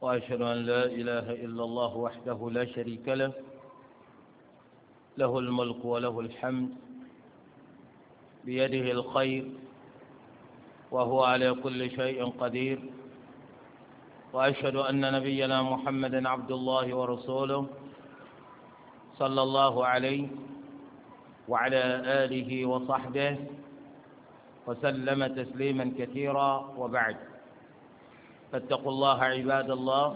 وأشهد أن لا إله إلا الله وحده لا شريك له له الملك وله الحمد بيده الخير وهو على كل شيء قدير وأشهد أن نبينا محمدا عبد الله ورسوله صلى الله عليه وعلى آله وصحبه وسلم تسليما كثيرا وبعد فاتقوا الله عباد الله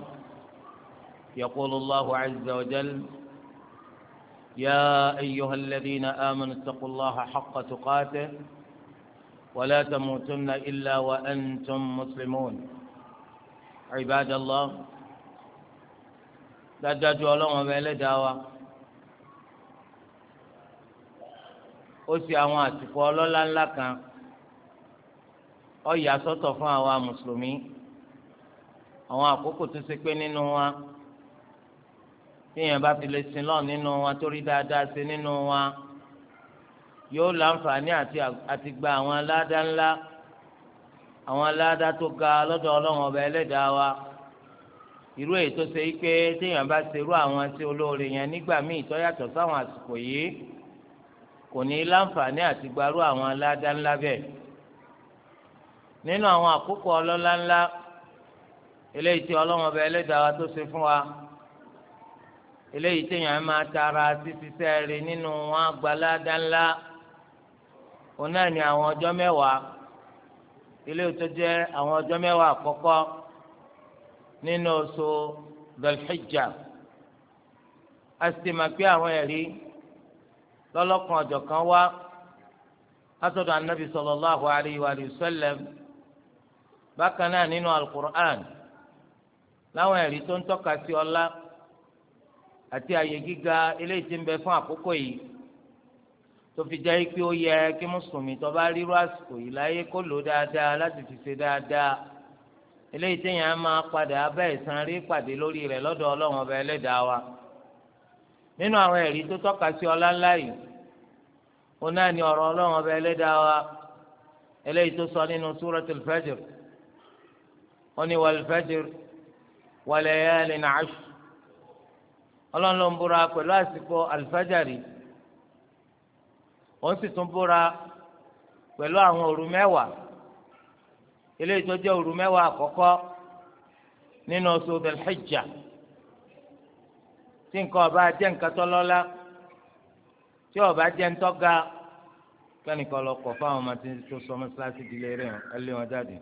يقول الله عز وجل يا أيها الذين آمنوا اتقوا الله حق تقاته ولا تموتن إلا وأنتم مسلمون عباد الله لا ọlọ́run لهم ẹlẹ́dàá wa ó sì àwọn àsìkò ọlọ́lá ńlá kan àwọn àkókò tó ṣe pé nínú wa tíyẹn bá fi lè sin lọ nínú wa torí dáadáa ṣe nínú wa yóò láǹfààní àti àti gba àwọn aládá ńlá àwọn aládá tó ga lọ́dọ̀ ọlọ́run ọba ẹlẹ́dàá wa irú èyí tó ṣe pé téèyàn bá ṣerú àwọn tí olóore yẹn nígbà míì tó yàtọ̀ sáwọn àsìkò yìí kò ní láǹfààní àti gbarú àwọn aládá ńlá bẹ́ẹ̀ nínú àwọn àkókò ọlọ́lá ńlá eléyìí tí ọlọ́wọ́n ọba ẹlẹ́dàá tó ṣe fún wa eléyìí tí èèyàn máa tara títí sẹ́ẹ̀rì nínú wọn àgbàládá ńlá òun náà ní àwọn ọjọ́ mẹ́wàá eléyìí tó jẹ́ àwọn ọjọ́ mẹ́wàá àkọ́kọ́ nínú oṣù dhul a sì máa pé àwọn ẹ̀rí lọ́lọ́kan ọ̀jọ̀kan wá látọ̀dọ̀ Ànábì sallallahu alayhi wa sallam bákan náà nínú al láwọn ẹ̀rí tó ń tọ́ka sí ọlá àti àyè gíga eléyìí tí ń bẹ fún àkókò yìí tó fi jẹ́ pé ó yẹ kí mùsùlùmí tó bá rírú àsìkò yìí láyé kó lò dáadáa láti fi ṣe dáadáa eléyìí téèyàn máa padà abẹ́ ìsan rí pàdé lórí rẹ̀ lọ́dọ̀ ọlọ́run ọba ẹlẹ́dàá wa nínú àwọn ẹ̀rí tó tọ́ka sí ọlá ńlá yìí ó náà ní ọ̀rọ̀ ọlọ́run ọba ẹlẹ́dàá wa eléyìí tó sọ nínú súratul fajr ó ní wal fajr. walayalin ash ń pẹ̀lú àsìkò àlùfájàrí sì tún pẹ̀lú àwọn òru mẹ́wàá eléyìí tó jẹ́ òru mẹ́wàá àkọ́kọ́ nínú oṣù tí ọba jẹ́ nǹkan tó ọba jẹ́ ń tọ́ga kẹ́nìkan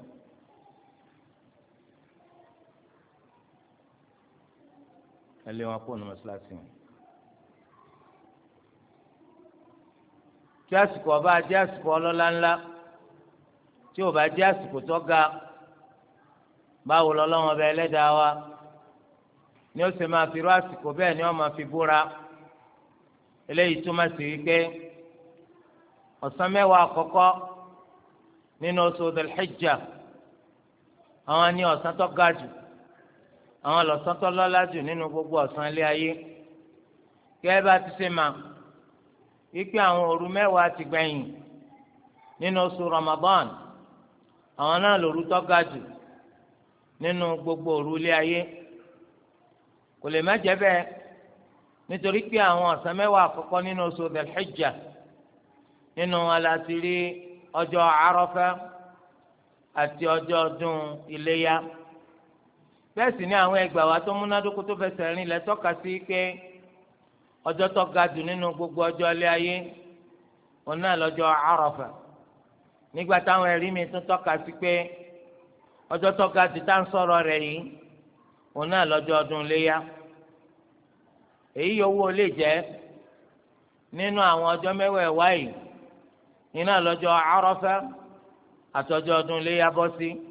ẹ lé wọn kó nu mọ́ṣáláṣí wọn. tí àsìkò ọba jẹ́ àsìkò ọlọ́lá ńlá tí ò bá jẹ́ àsìkò tó ga báwo lọ́lọ́wọ́n bẹ ẹlẹ́dàá wa ni ó sì máa fi rú àsìkò bẹ́ẹ̀ ni wọ́n máa fi búra eléyìí túmọ̀ sí wípé ọ̀sán mẹ́wàá àkọ́kọ́ nínú oṣù Dhul àwọn ni ọ̀sán tó ga jù àwọn lọ́sán tó lọ́lá jù nínú gbogbo ọ̀sán ilé ayé gẹ́gẹ́ bá ti ṣe mà wípé àwọn òru mẹ́wàá ti gbẹ̀yìn nínú oṣù Ramadan àwọn náà lòru tó ga jù nínú gbogbo òru ilé ayé kò lè má jẹ́ bẹ́ẹ̀ nítorí pé àwọn ọ̀sán mẹ́wàá àkọ́kọ́ nínú oṣù dhul nínú aláṣírí ọjọ́ Àrafá àti ọjọ́ ọdún iléyá. bẹ́ẹ̀ sì ni àwọn ẹgbàá wa tó múnádókó tó fẹsẹ̀ rìn tọ́ka sí pé ọjọ́ nínú gbogbo ọjọ́ ilé ayé òun náà lọ́jọ́ Àrafà nígbà táwọn ẹ̀rí mi tọ́ka sí pé ọjọ́ tó ga jù tá à ń sọ̀rọ̀ rẹ̀ yìí òun náà lọ́jọ́ ọdún iléyà èyí yòówó lè jẹ́ nínú àwọn ọjọ́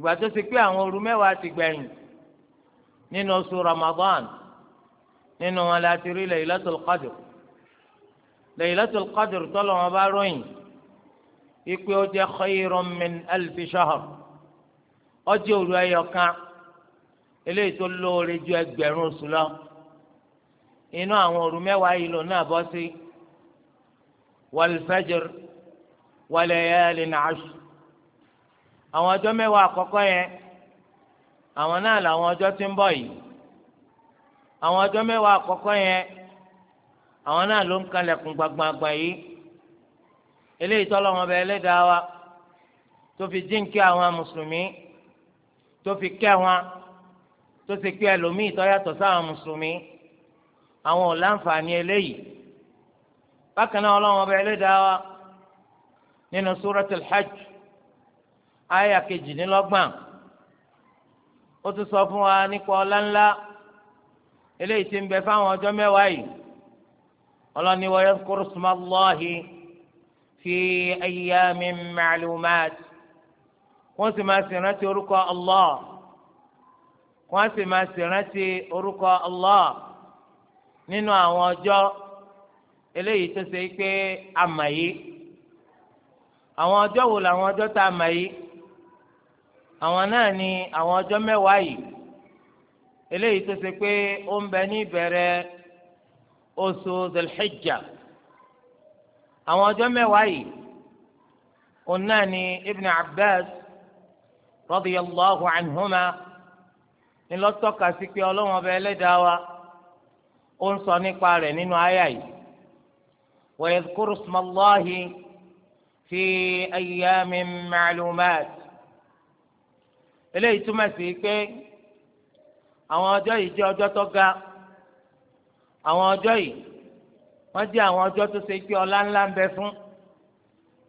ìgbà tó ṣe pé àwọn òru mẹ́wàá ti gbẹ̀yìn nínú oṣù Ramadan nínú wọn la ti rí Laylatul Qadr Laylatul Qadr tọ́lọ̀ wọn bá ròyìn ikpe ó jẹ́ khayrun min alfi shahr ó jẹ́ òru ẹyọ kan eléyìí tó lóore ju ẹgbẹ̀rún oṣù lọ inú àwọn òru mẹ́wàá yìí lò náà bọ́ sí wal fajr wa layalin àwọn ọjọ́ mẹ́wàá àkọ́kọ́ yẹn àwọn náà làwọn ọjọ́ tí ń bọ̀ yìí àwọn ọjọ́ mẹ́wàá àkọ́kọ́ yẹn àwọn náà ló ń kalẹ̀kùn gbagbangbà yìí eléyìí tọ́lọ́ wọn bẹ ẹlẹ́dàá wa tó fi jíǹkí àwọn mùsùlùmí tó fi kẹ́ wọn tó ti pé ẹlòmíì tó sáwọn mùsùlùmí àwọn ò láǹfààní eléyìí bákan náà ọlọ́wọ́n bẹ ẹlẹ́dàá wa nínú súratul hajj. Aya kejìdínlọ́gbọ̀n ó tún sọ fún wa nípa ọlá ńlá eléyìí tí ń bẹ fáwọn ọjọ́ mẹ́wàá yìí ọlọ́ni wa fi ayyamin ma'lumat wọ́n sì máa ṣèrántí orúkọ Allah wọ́n sì máa ṣèrántí orúkọ Allah nínú àwọn ọjọ́ eléyìí tó ṣe pé àmà àwọn ọjọ́ wo làwọn ọjọ́ tá a àwọn náà ni àwọn ọjọ́ mẹ́wàá yìí eléyìí tó ṣe pé ó ń bẹ ní ìbẹ̀rẹ̀ oṣù zelhijja àwọn ọjọ́ mẹ́wàá yìí òun náà ni ibn abbas radiyallahu anhuma ni lọ́tọ́ka sí pé ọlọ́wọ́n ọba ẹlẹ́dàá wa ó ń sọ nípa rẹ̀ nínú àyà yìí wa yadhkuru ismallahi fi ayyamin ma'lumat eléyìí túmọ̀ sí pé àwọn ọjọ́ yìí jẹ́ ọjọ́ tó ga àwọn ọjọ́ yìí wọ́n jẹ́ àwọn ọjọ́ tó ṣe pé ọlá ńlá ń bẹ fún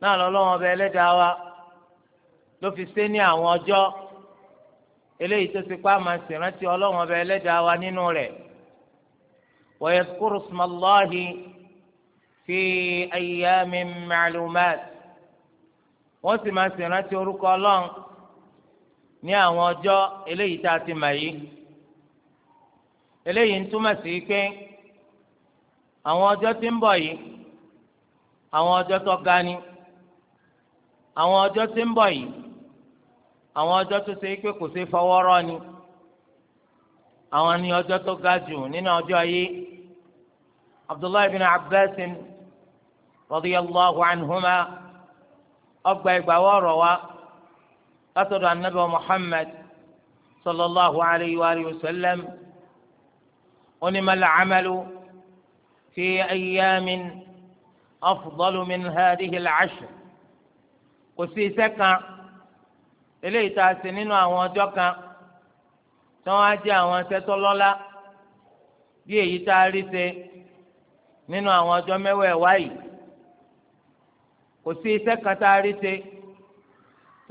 náà lọ́lọ́wọ́n ọba ẹlẹ́dàá wa ló fi ṣe ní àwọn ọjọ́ eléyìí tó ṣe pé a máa ṣèrántí ọlọ́wọ́n ọba ẹlẹ́dàá wa nínú rẹ̀ wa yadhkuru ismallahi fi ayyamin ma'lumat wọ́n sì máa ṣèrántí orúkọ ọlọ́run. ní àwọn ọjọ́ eléyìí tá a ti mà yìí eléyìí ń túmọ̀ sí pé àwọn ọjọ́ tí ń bọ̀ yìí àwọn ọjọ́ tó ga ni àwọn ọjọ́ tí ń bọ̀ yìí àwọn ọjọ́ tó ṣe pé kò fọwọ́ rọ́ ni àwọn ni ọjọ́ tó ga jù nínú ọjọ́ yìí Abdullahi bin Abbas radiyallahu anhuma ọgbà ìgbà wọ́ọ̀rọ̀ wa. أثر النبي محمد صلى الله عليه وآله وسلم ونم العمل في أيام أفضل من هذه العشر وفي سكة إليه تاسنين وأوجوكا تواجه وانسيتولولا bí èyí tá a rí ṣe nínú àwọn ọjọ́ mẹ́wẹ̀ẹ̀wá yìí kò sí iṣẹ́ kan tá a rí ṣe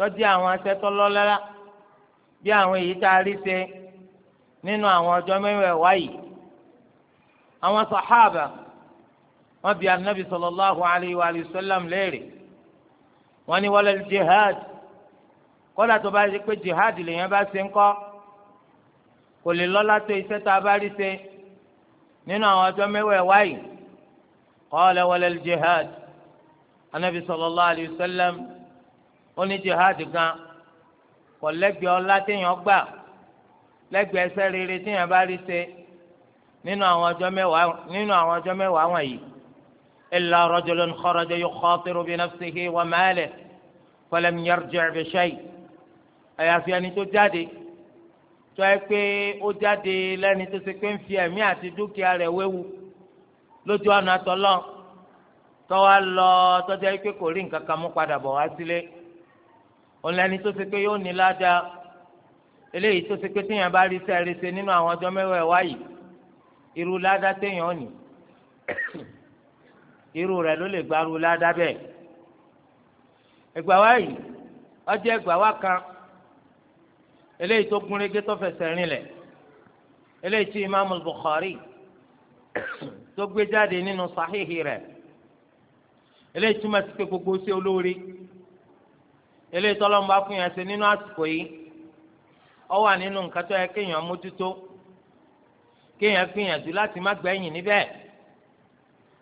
tọ́jú àwọn asẹ́tọ́ lọ́lọ́lá bí àwọn èyí tá a rí ṣe nínú àwọn ọjọ́ mẹ́wẹ̀ẹ́ wáyìí àwọn sàhábà wọ́n bi anabi sallallahu alayhi wa sallam léèrè wọ́n ní wala jihad kódà tó bá yẹ pé jihad lèèyàn bá ṣe ń kọ́ kò lè lọ́lá tó iṣẹ́ tá a bá rí ṣe nínú àwọn ọjọ́ mẹ́wẹ̀ẹ́ wáyìí qala wala jihad anabi sallallahu alayhi wa sallam ó ní jihad gan kò lẹ́gbẹ̀ẹ́ ọlá téèyàn gbà lẹ́gbẹ̀ẹ́ ẹsẹ̀ rere téèyàn bá rí ṣe nínú àwọn ọjọ́ mẹ́wàá nínú àwọn ọjọ́ mẹ́wàá wọ̀nyí illa rajulun kharaja yukhatiru bi nafsihi wa malihi falam yarji' bi shay àyàfi ẹni tó jáde tó ẹ pé ó jáde lẹ́ni tó ṣe pé ń fi ẹ̀mí àti dúkìá rẹ̀ wéwu lójú ọ̀nà tọ́lọ́ tọ́wá lọ tọ́jà pé kò rí nǹkan kan mú padà bọ̀ wá sílé ọ̀làní tó ṣe pé yóò ní ládàá eléyìí tó ṣe pé téèyàn bá rí iṣẹ́ rere ṣe nínú àwọn ọjọ́ mẹ́wàá wáyìí irú ládàá téèyàn ò ní irú rẹ̀ ló lè gbarú ládàá bẹ́ẹ̀ ẹgbà wáyìí ọjọ́ ẹgbà wá kan eléyìí tó gúnrégé tó fẹsẹ̀ rinlẹ̀ eléyìí tí imaamu Bukhari tó gbé jáde nínú sahihi rẹ̀ eléyìí túmọ̀ sí pé gbogbo ṣe olóore eléyìí tọ́lọ́ ń bá fún yẹn ṣe nínú àsìkò yìí ọ wà nínú nǹkan tó yẹ kéèyàn mójútó kéèyàn gbìyànjú láti má gbẹ̀yìn níbẹ̀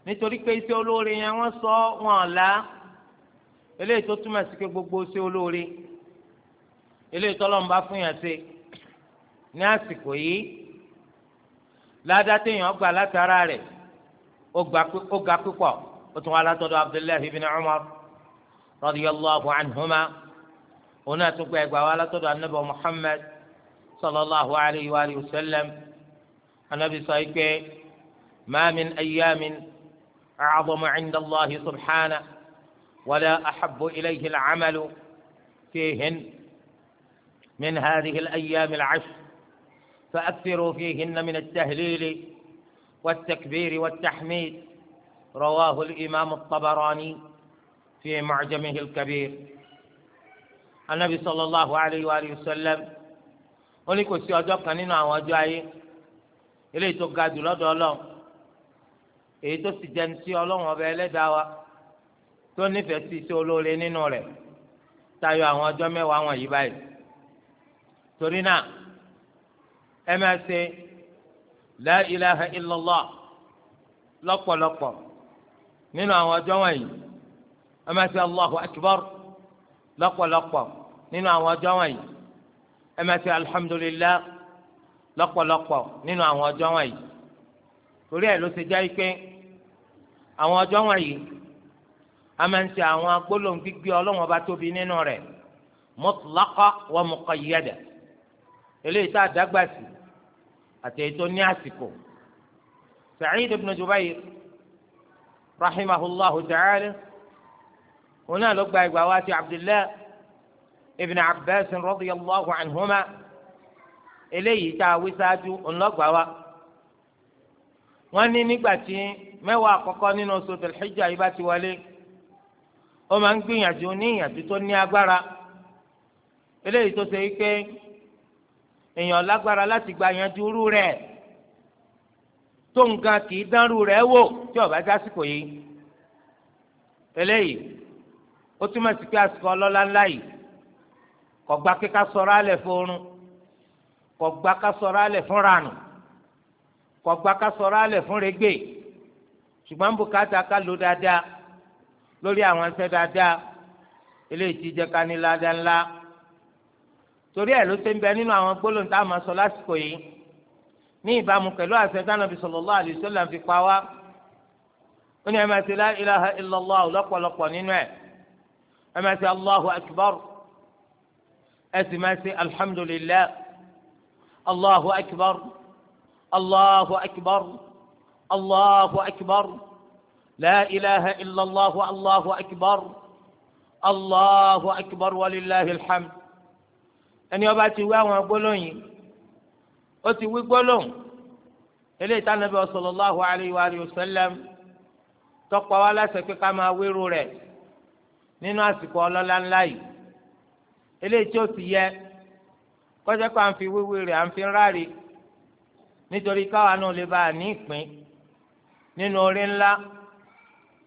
nítorí pé iṣẹ́ olóore yẹn wọ́n sọ wọn ọ̀la eléyìí tó túmọ̀ sí pé gbogbo iṣẹ́ olóore eléyìí tọ́lọ́ ń bá fún yẹn ṣe ní àsìkò yìí ládàá téèyàn gbà látara rẹ̀ ó ga púpọ̀ ó tún wá látọ̀dọ̀ Abdullahi ibn Umar. رضي الله عنهما هنا تقوى قوالا تدعى النبي محمد صلى الله عليه وآله وسلم النبي صحيح ما من أيام أعظم عند الله سبحانه ولا أحب إليه العمل فيهن من هذه الأيام العشر فأكثروا فيهن من التهليل والتكبير والتحميد رواه الإمام الطبراني في معجمه الكبير النبي صلى الله عليه وآله وسلم ó ní kò sí ọjọ́ kan nínú àwọn ọjọ́ ayé eléyìí tó ga jù lọ́dọ̀ ọlọ́run èyí tó sì jẹun sí ọlọ́run ọba ẹlẹ́dàá wa tó nífẹ̀ẹ́ sí iṣẹ́ olóore nínú rẹ̀ tayọ àwọn ọjọ́ mẹ́wàá wọ̀nyí báyìí torí náà ẹ máa ṣe la ilaha illallah lọ́pọ̀lọpọ̀ nínú àwọn ọjọ́ wọ̀nyí a máa ṣe allahu akbar lọ́pọ̀lọpọ̀ nínú àwọn ọjọ́ wọ̀nyí ẹ máa ṣe alhamdulilah lọ́pọ̀lọpọ̀ nínú àwọn ọjọ́ wọ̀nyí torí ẹ̀ ló ṣe jẹ́ pé àwọn ọjọ́ wọ̀nyí a máa ń àwọn agbólóhùn ọlọ́wọ́n ọba tóbi nínú rẹ̀ mutlaqa wa muqayyada eléyìí tá a dágbà sí àti èyí tó ní àsìkò Sa'id ibn Jubayr rahimahullahu ta'ala òun náà ló gba ìgbà wá sí abdullahi ibn abbas radiyallahu anhuma eléyìí tá a wí sáájú òun ló gbà wá wọ́n ní nígbà tí mẹ́wàá àkọ́kọ́ nínú oṣù tẹlifíjà yìí bá ti wọlé ó máa ń gbìyànjú ní ìyànjú tó ní agbára eléyìí tó ṣe wípé èèyàn lágbára láti gba ìyànjú rú rẹ̀ tó nǹkan kì í dánrú rẹ̀ wò tí ó bá jásìkò yìí eléyìí ó túmọ̀ sí pé àsìkò ọlọ́lá ńlá yìí kò gba pé ká sọ̀rọ̀ alẹ̀ fọ́run kò gba ká sọ̀rọ̀ alẹ̀ fún ranù kò gba ká sọ̀rọ̀ alẹ̀ fún rẹ́gbẹ̀ ṣùgbọ́n bùkátà ká lò dáadáa lórí àwọn ẹsẹ̀ dáadáa eléyìí ti jẹ́ ká ní ládàá ńlá torí ẹ̀ ló ṣe ń bẹ nínú àwọn gbólóhùn tá a máa sọ lásìkò yìí ní ìbámu pẹ̀lú àṣẹ tánàbí sallallahu alaihi fi pa wá ó ní ẹ máa ṣe la ilaha illallah lọ́pọ̀lọpọ̀ nínú ẹ̀ ẹ máa ṣe allahu akbar ẹ sì máa ṣe alhamdulilayi allahu akbar allahu akbar allahu akbar la ilaha illallah allahu akbar allahu akbar walilahi alhamd ẹni ọba ti wí àwọn gbólóyìn ó ti wí gbólóhùn eléyìí tá nàbẹ alayhi wa sallam tọpọ wa láṣẹ ká máa wérò rẹ̀ nínú àsìkò ọlọ́lá ńlá yìí eléyìí tí ó ti yẹ kọjá pé à ń fi wíwí rẹ̀ à ń fi ráre nítorí káwa náà lè bá a ní ìpín nínú orí ńlá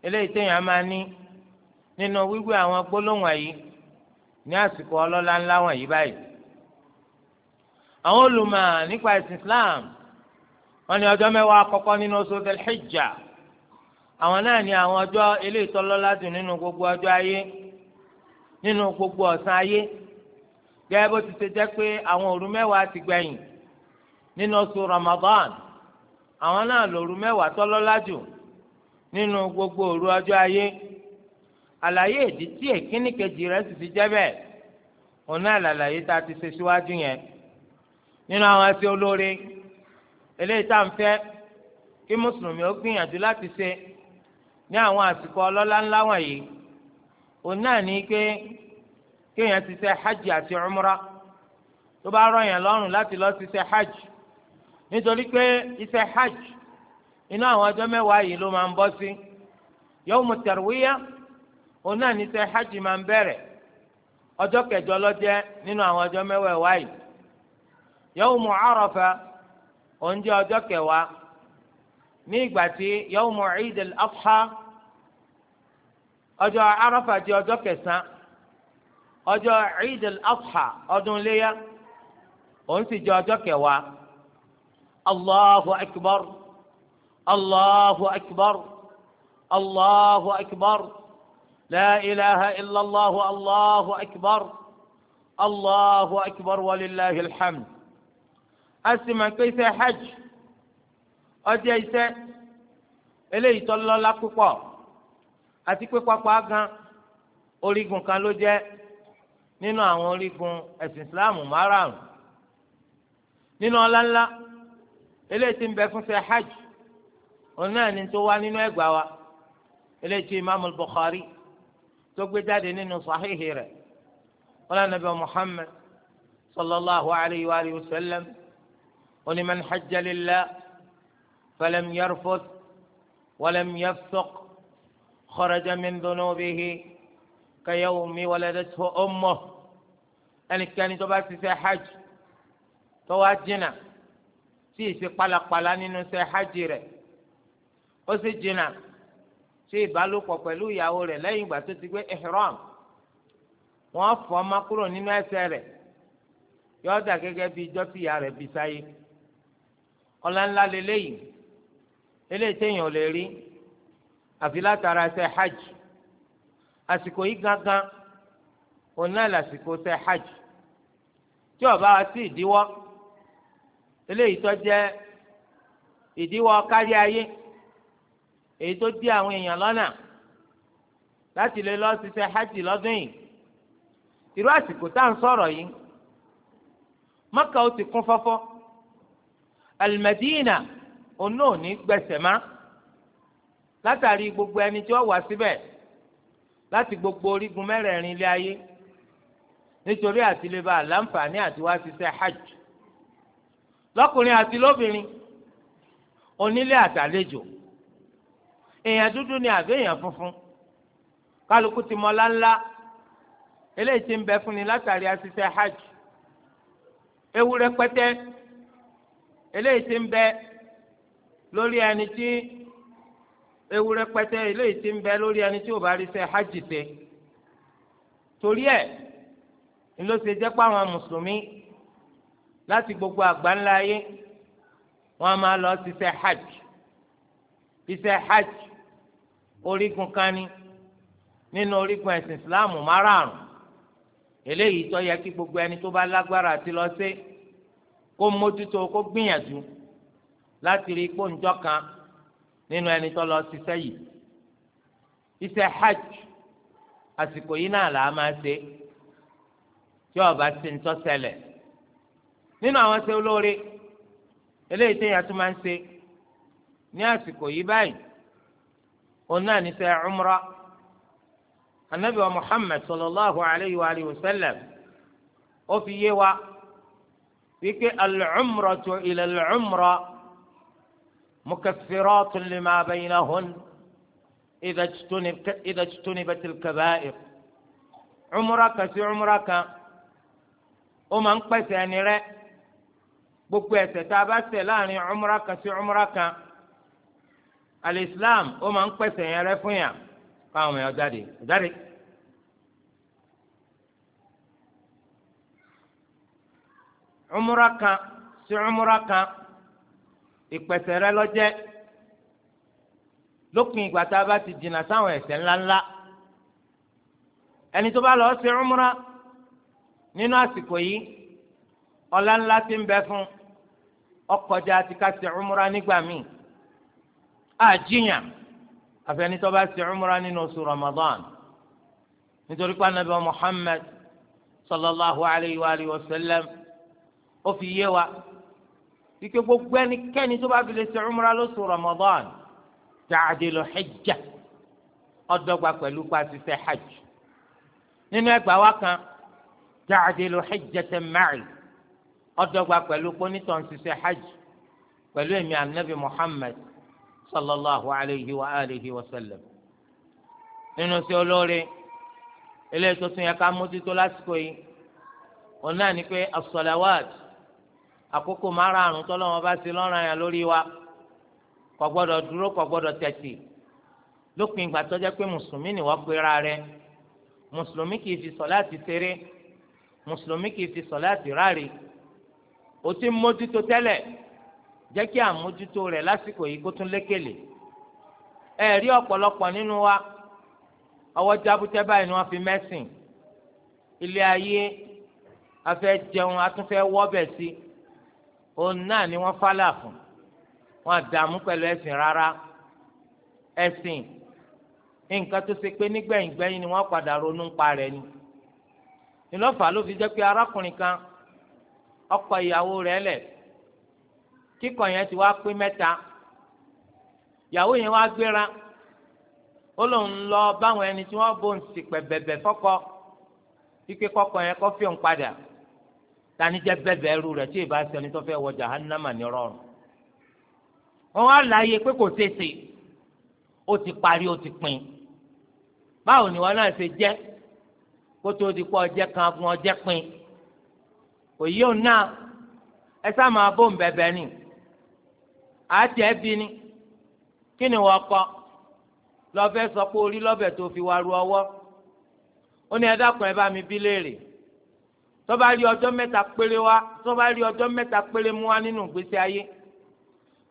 eléyìí téèyàn máa ní nínú wíwí àwọn gbólóhùn yìí ní àsìkò ọlọ́lá ńlá wọ̀nyí báyìí àwọn olùmọ̀ nípa ìsìn Islam wọ́n ní ọjọ́ mẹ́wàá àkọ́kọ́ nínú oṣù Dhul Hijjah àwọn náà ni àwọn ọjọ́ eléyìí tọ́lọ́lá jù nínú gbogbo ọjọ́ ayé nínú gbogbo ọ̀sán ayé gẹ́gẹ́ bó ti ṣe jẹ́ pé àwọn òru mẹ́wàá ti gbẹ̀yìn nínú oṣù Ramadan àwọn náà lòru mẹ́wàá tọ́lọ́lá jù nínú gbogbo òru ọjọ́ ayé àlàyé ìdí tí èkíní kejì rẹ̀ sì ti jẹ́ bẹ́ẹ̀ òun náà làlàyé tá a ti ṣe síwájú yẹn nínú àwọn ẹsẹ̀ olóore eléyìí tá à ń fẹ́ kí mùsùlùmí ó gbìyànjú láti ṣe ní àwọn àsìkò ọlọ́lá ńlá wọ̀nyí òun náà ní pé kéèyàn ti hajj àti ọmụra tó bá rọyàn lọ́rùn láti lọ hajj nítorí pé hajj inú àwọn ọjọ́ mẹ́wàá yìí ló máa ń bọ́ sí yawmu tarwiya òun náà ní iṣẹ́ hajj máa ń bẹ̀rẹ̀ ọjọ́ kẹjọ ló nínú àwọn ọjọ́ mẹ́wàá yìí òun jẹ́ ọjọ́ kẹwàá. ní ìgbà tí yawmu Eid al-Adha ọjọ́ arafa di ọjọ́ kẹsàn-án ọjọ́ Eid al-Adha ọdún léyà òun sì jẹ́ ọjọ́ kẹwàá allahu akbar allahu akbar allahu akbar la ilaha illallah allahu akbar allahu akbar walillahi alhamd asimakisa hajj. ọjọ́ iṣẹ́ eléyìí tó lọ́lá púpọ̀ àti pé pápá gan orígun kan ló jẹ́ nínú àwọn orígun ẹ̀sìn ìsìláàmù márààrún nínú ọláńlá eléyìí tí ń bẹ fún ṣe hajj òun náà ni tó wá nínú ẹgbàá wa eléyìí tí imaamu Bukhari tó gbé jáde nínú sàhíhì rẹ̀ wala nabi Muhammad sallallahu alayhi wa sallam onímọ̀ hajjalillah. فلم يرفث ولم يفسق خرج من ذنوبه كيوم ولدته أمه أن كان تبات في حج تواجنا في في قلق قلان في حجره وسجنا ṣe ìbálòpọ̀ pẹ̀lú ìyàwó rẹ̀ lẹ́yìn ìgbà tó ti gbé ihram wọ́n fọ́ ọmọ kúrò nínú ẹ̀ṣẹ̀ rẹ̀ yọ̀ọ́dà gẹ́gẹ́ bíi ijọ́ tí ìyá rẹ̀ bí sáyé ọ̀la ńlá lélẹ́yìn eléyìí téèyàn ò lè rí àfi látara ṣe hajj àsìkò yìí gangan òun náà lásìkò ṣe hajj tí ó bá wá sí ìdíwọ́ eléyìí tó jẹ́ ìdíwọ́ kárí ayé èyí tó dí àwọn èèyàn lọ́nà láti lè lọ ṣiṣẹ́ hajj lọ́dún yìí irú àsìkò tá à ń sọ̀rọ̀ yìí Mọ́kà ó ti kún fọ́fọ́ al òun náà ní gbẹ̀sẹ̀ má látàrí gbogbo ẹni tí ó wà láti gbogbo orígun mẹ́rẹ̀ẹ̀rin ilé ayé nítorí àtìlébà àlàǹfààní àti wá ṣiṣẹ́ hajj lọ́kùnrin àti lóbìnrin onílé àtàlejò èèyàn dúdú ni àbí èèyàn funfun kálukú ti mọ láńlá eléyìí ti ń bẹ fún ni látàrí hajj ewu rẹpẹtẹ eléyìí ti ń bẹ lórí ẹni tí ewu rẹpẹtẹ eléyìí ti ń bẹ lórí ẹni tí ò bá rí ṣe hajj ṣe torí ẹ̀ ló ṣe jẹ́ pé àwọn mùsùlùmí láti gbogbo àgbáńlá ayé wọ́n máa lọ ṣiṣẹ́ hajj iṣẹ́ hajj orígun kan ni nínú orígun ẹ̀sìn islam márààrún eléyìí tó yẹ kí gbogbo ẹni tó bá lágbára àti lọ ṣe kó mójútó kó gbìyànjú láti rí ipò ńjọ kan nínú ẹni tó lọ ṣiṣẹ́ yìí iṣẹ́ hajj àsìkò yìí náà là á máa ṣe tí ọba ṣe ń tọ́ ṣẹlẹ̀ nínú àwọn ṣe olóore eléyìí téèyàn tún máa ń ṣe ní àsìkò yìí báyìí òun náà ní ṣe umra anabi wa sallallahu alayhi wa sallam ó fi yé wa wípé al-umratu ila al مكفرات لما بينهن إذا اجتنب إذا اجتنبت الكبائر عمرك في عمرك ومن أمم قيس أن يرى بقيت تابست لاني عمرك في عمرك الإسلام ومن أمم قيس أن يرى فيا قام يا داري داري عمرك, في عمرك ìpẹ̀sẹ̀ rẹ lọ́jẹ́ lópin ìgbà tá a bá ti dìnnà sáwọn ẹ̀ṣẹ̀ ńláńlá ẹni tó bá lọ ṣe umra nínú àsìkò yìí ọlá ńlá ti ń bẹ fún ọkọjá àti ká ṣe umra nígbà míì àjíyàn àfẹni tó bá ṣe umra nínú oṣù Ramadan nítorí pé anabi Muhammad sallallahu alayhi wa sallam ó fi yé wa ike gbogbo ẹnikẹ́ni tó bá fi lè ṣe umra lóṣù Ramadan ta'dilu hajja ọdọ́gba pẹ̀lú pàṣípẹ hajj nínú ẹgbàá wa kan ta'dilu hajjatan ma'i ọdọ́gba pẹ̀lú pọnítọ ń ṣiṣẹ́ hajj pẹ̀lú èmi anabi Muhammad sallallahu alayhi wa alihi wa sallam nínú sí olóore eléyìí tó mójútó lásìkò yìí òun ni pé as àkókò márààrún tọ́lọ́wọ́n bá ṣe lọ́ràn yẹn lórí wa kò gbọ́dọ̀ dúró kò gbọ́dọ̀ tẹ̀sì lópin ìgbà tó jẹ́ pé mùsùlùmí ni wọ́n pera rẹ̀ mùsùlùmí kì í fi sọ̀láàtì ṣeré mùsùlùmí kì í fi sọ̀láàtì ráre ó ti mójútó tẹ́lẹ̀ jẹ́ kí àmójútó rẹ̀ lásìkò yìí kó tún lékele ẹ rí ọ̀pọ̀lọpọ̀ nínú wa ọwọ́ jábútẹ́ báyìí ni wọ́n fi mẹ́sìn ilé ayé afẹ́ atúnfẹ́ wọ́bẹ̀ sí i òun náà ni wọ́n fálà fún wọn àdààmú pẹ̀lú ẹ̀sìn rárá ẹ̀sìn nǹkan tó ṣe pé nígbẹ̀yìngbẹ̀yìn ni wọ́n padà ronú pa rẹ̀ ni ìlọ́fà ló fi jẹ́ pé arákùnrin kan ọkọ ìyàwó rẹ̀ lẹ̀ kíkọ̀ yẹn ti wá pé mẹ́ta ìyàwó yẹn wá gbéra ó lóun lọ báwọn ẹni tí wọ́n bò ń bẹ̀bẹ̀ kíkẹ́ kọ́kọ́ yẹn kọ́ tanijẹ bẹbẹ ẹrú rẹ̀ tí ìbá sẹni tó fẹ́ wọ jahannama ní rọrùn wọn wá láàyè pé kò tètè ó ti parí ó ti pin báwo ni wọn náà ṣe jẹ kótó di pọ ọjẹ kan fún ọjẹ pin kò yí òun náà ẹ sá máa bó ń bẹ̀bẹ̀ ni àti ẹbí ni kí ni wọn kọ lọfẹ sọ pé orí lọbẹ tó fi wá ru ọwọ́ ó ní ẹ dákun ẹ bá mi bí léèrè tó bá rí ọjọ́ mẹ́ta péré wá tó bá rí ọjọ́ mẹ́ta péré mú wá nínú ìgbésí ayé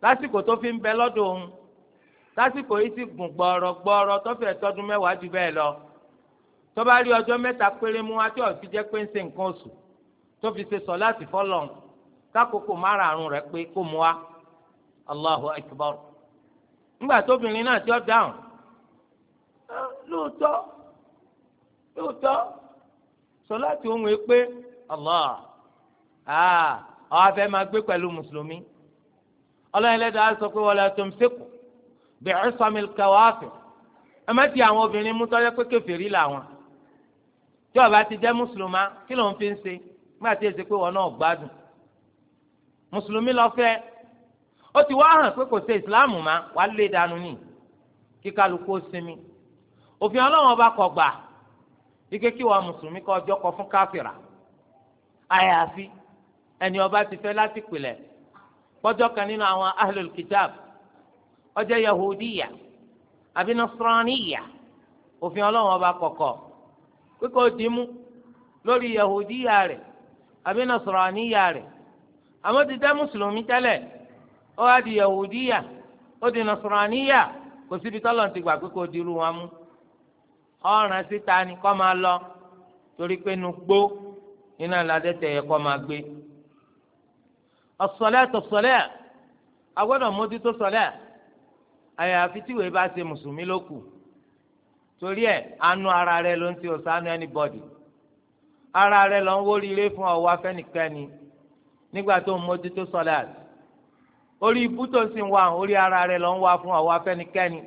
lásìkò tó fi ń bẹ lọ́dọ̀ òun lásìkò yìí sì gùn gbọ̀ọ̀rọ̀ gbọ̀ọ̀rọ̀ tó fẹ́ tọdún mẹ́wàá jù bẹ́ẹ̀ lọ tó bá rí ọjọ́ mẹ́ta péré mú wá tí ó fi jẹ́ pé ń ṣe nǹkan oṣù tó fi ṣe sọ láti fọ́lọ̀ kákòókò márààrún rẹ̀ pé kó mu wá Allahu akbar ńgbà tóbìnrin náà tí ó dáhùn ah, lóòótọ́ lóòótọ́ sọ láti ohun èpè allah aa ah, àwọn afẹ́ máa gbé pẹ̀lú mùsùlùmí ọlọ́run ẹlẹ́dàá sọ pé wala tumsiku bi'isamil kawafir ẹ má ti àwọn obìnrin mú tọ́jọ́ pé kèfèrí làwọn tí ó bá ti jẹ́ mùsùlùmá kí ló ń fi ń ṣe nígbà tí èsì pé wọn náà gbádùn mùsùlùmí lọ fẹ́ ó ti wá hàn pé kò ṣe ìsìláàmù má wàá lé dànù ní kí kálukú sinmi òfin ọlọ́run ọba kọ̀ ike kí wọn mùsùlùmí kọ́ kọ fún káfíra àyàfi ẹni ọba ti lati láti pìlẹ̀ pọ́jọ́ kan nínú àwọn ahlul kitab ó yahudiya àbí nasraniya òfin ọlọ́run ọba kọ̀kọ̀ kíkọ́ dìímú lórí yahudiya rẹ̀ àbí nasraniya rẹ̀ àmọ́ ti dá mùsùlùmí tẹ́lẹ̀ ó wá di yahudiya ó di nasraniya kò síbi tọ́lọ̀ ti gbà kíkọ́ dirú wọn mú ọ̀ràn síta ni kọ́ máa lọ torí pé nu gbó. iná ládẹ́tẹ̀ yẹ kọ́ máa gbé as-salatu as-salat agbọ́dọ̀ mójútó salat àyàfi tíwèé bá ṣe mùsùlùmí ló kù torí ẹ̀ anú ara rẹ ló ń ti ọ̀sánú anybody ara rẹ lọ ń wóríire fún ọwọ́ afẹ́nìkẹ́ni nígbà tó ń mójútó salat orí ibú tó sì ń wá orí ara rẹ lọ ń wá fún ọwọ́ afẹ́nìkẹ́ni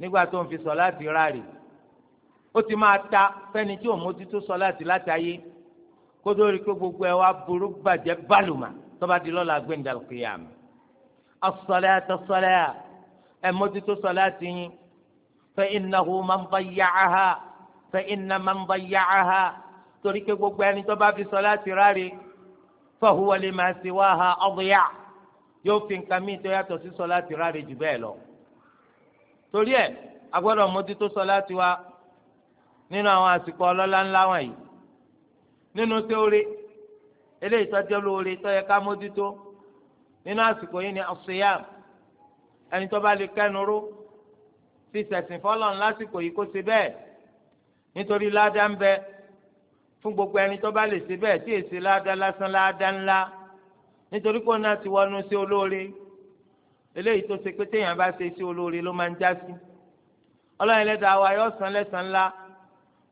nígbà tó ń fi salat ráàlì ó ti máa ta fẹ́ni tí ò mójútó salat láti ayé kótó rí pé gbogbo ẹ wá burú gbàjẹ́ bálùmà tọ́ba di lọ́la gbẹ̀ndàlù kìyàmù asọ̀lẹ́ àtọ́sọ̀lẹ́ à ẹ mójútó sọ̀lẹ́ àti yín fẹ́ iná hu máa ń bá yáa ha fẹ́ iná máa ń bá yáa ha torí pé gbogbo ẹni tọ́ba fi sọ̀lẹ́ àti ráre fọ̀húwọlé máa ṣe wá ha ọ̀bùyà yóò fi nǹkan míì tó yàtọ̀ sí sọ̀lẹ́ àti ráre jù bẹ́ẹ̀ lọ torí ẹ agbọ́dọ̀ mójútó sọ̀lẹ́ àti wa nínú àwọn àsìkò ọlọ́lá ńlá wọ̀nyí nínú sóore eléyìí tọ́jú lóore tọ́yẹ ká mójútó nínú àsìkò yìí ni asiyam ẹni tó bá lè kẹnu ró fi sẹ̀sìn fọlọ́n lásìkò yìí kó ṣe bẹ́ẹ̀ nítorí ládàá ń bẹ fún gbogbo ẹni tó bá lè ṣe bẹ́ẹ̀ tí èsì ládàá lásán ládàá ńlá nítorí kó náà ti wọnú sí olóore eléyìí tó ṣe pé téèyàn bá ṣe sí olóore ló máa ń já sí ọlọ́run ẹlẹ́dàá wa yóò san lẹ́san ńlá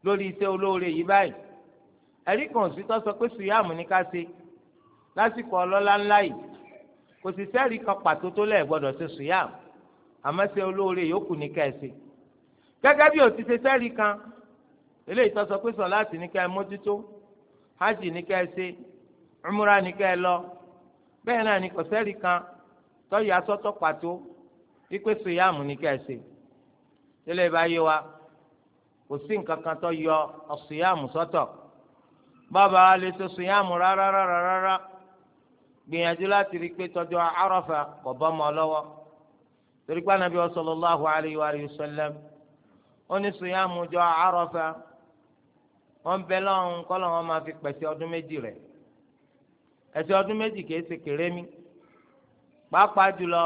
lórí iṣẹ́ olóore yìí báyìí ẹ̀rí kan sí tó sọ pé sùyàmù ní ká ṣe lásìkò ọlọ́lá ńlá yìí kò sì sẹ́ẹ̀rí kan pàtó tó lẹ̀ gbọ́dọ̀ ṣe sùyàmù àmọ́ ṣe olóore yòókù ní ká ẹ ṣe gẹ́gẹ́ bí òtí ṣe sẹ́ẹ̀rí kan eléyìí tó sọ pé sọ láti ní ká ẹ mójútó hajj ní ká ẹ ṣe umra ní ká ẹ lọ bẹ́ẹ̀ náà ní kò sẹ́ẹ̀rí kan tó yà sọ́tọ̀ pàtó wípé sùyàmù ní ká ẹ ṣe tẹ́lẹ̀ bá yé wa kò sí nǹkan kan tó yọ ọ̀sùyàmù bàbá lè ṣe sùyàmù rárá rárá gbìyànjú láti rí pé tọjọ́ Àrafà kò bọ́ mọ́ torí pé anabi wa sallam ó ní sùyàmù jọ́ Àrafà wọ́n bẹ lọ́hùn kọ́lọ́ wọn máa fi pẹ̀sẹ̀ ọdún méjì rẹ̀ ẹ̀sẹ̀ ọdún méjì kìí ṣe kéré mi pàápàá jùlọ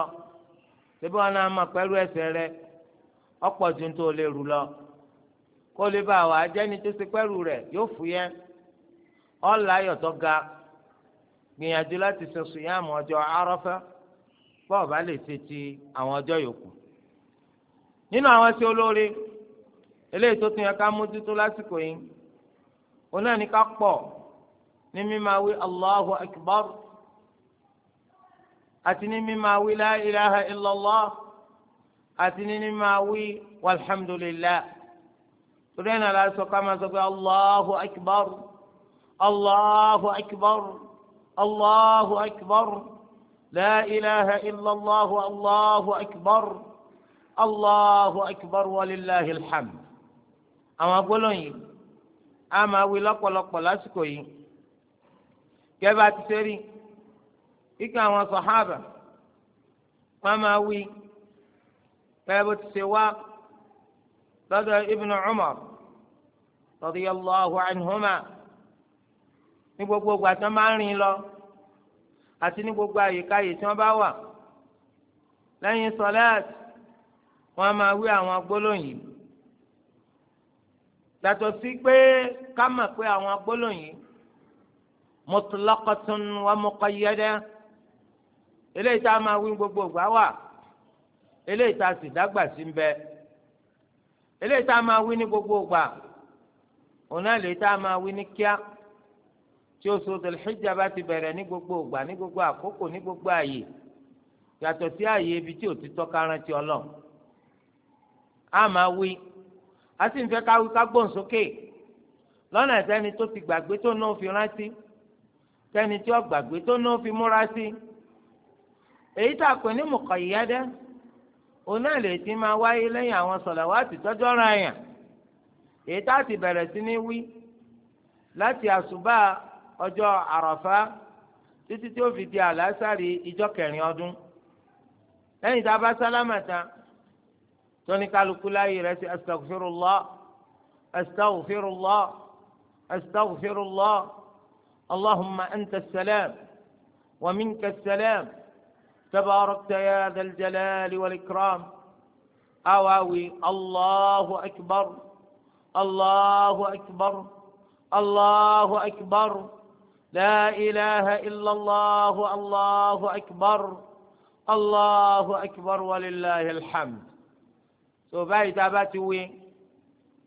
ṣébí wọn náà máa pẹ̀lú ẹ̀ṣẹ̀ rẹ̀ ọ̀pọ̀ ju tó lè lọ kó lè bá wa tó ṣe ọ̀làyọ̀ tó ga gbìyànjú láti ṣe sùyàmù ọjọ́ arọ́fẹ́ bọ́ọ̀ bá lè ṣe ti àwọn ọjọ́ yòókù nínú àwọn tí olóore eléyìí tó tún yẹ ká mójútó lásìkò yìí òun náà ní ká pọ̀ ní mímáa wí allahu akbar àti ní mímáa wí la ilaha illallah àti ní mímáa wí walhamdulillah torí ẹ̀ la sọ ká máa sọ pé allahu akbar. الله أكبر الله أكبر لا إله إلا الله الله أكبر الله أكبر ولله الحمد أما قولوا إيه؟ أما ولق ولق ولاسكوا إيه؟ كيف أتسري إكا أما صحابة أما وي كيف أتسوا بدأ ابن عمر رضي الله عنهما ní gbogbo ìgbà tí wọ́n bá ń rìn lọ àti ní gbogbo àyíkáyè tí wọ́n bá wà lẹ́yìn sọláàtì wọ́n máa wí àwọn gbólóyìn yàtọ̀ sí pé ká mọ̀ pé àwọn gbólóyìn mutlaqatun wa muqayyada eléyìí tá a máa wí gbogbo ìgbà wà eléyìí tá a sì dágbà sí ń bẹ eléyìí tá a máa wí ní gbogbo ìgbà òun náà lè tá a máa wí ní kíá tí oṣù tẹlifíjà bá ti bẹ̀rẹ̀ ní gbogbo ìgbà ní gbogbo àkókò ní gbogbo àyè yàtọ̀ sí àyè ibi tí ò ti tọ́ka rántí ọlọ́ a máa wí a sì ń fẹ́ ká wí ká gbóhùn sókè lọ́nà ìsẹ́ni tó ti gbàgbé tó náà fi rántí sẹ́ni tí ó gbàgbé tó náà fi múra sí èyí tá a pè ní mọ̀kànyíyádẹ́ òun náà lè ti máa wáyé lẹ́yìn àwọn sọ̀làwátì tọ́jọ́ ra yàn èyí tá ti bẹ̀rẹ̀ sí ní wí láti àṣùbà ọjọ́ àràfá títí tí ó fi di àlásàrì ìjọ kẹrin ọdún lẹ́yìn tá a bá sálámà tán tóní kálukú láyé rẹ̀ sí astaghfirullah astaghfirullah astaghfirullah allahumma anta salam wa minka salam tabarakta ya dhal jalali wal ikram awawi allahu akbar allahu akbar allahu akbar. Allahu akbar لا إله إلا الله الله أكبر الله أكبر ولله الحمد tó báyìí tá a bá ti wí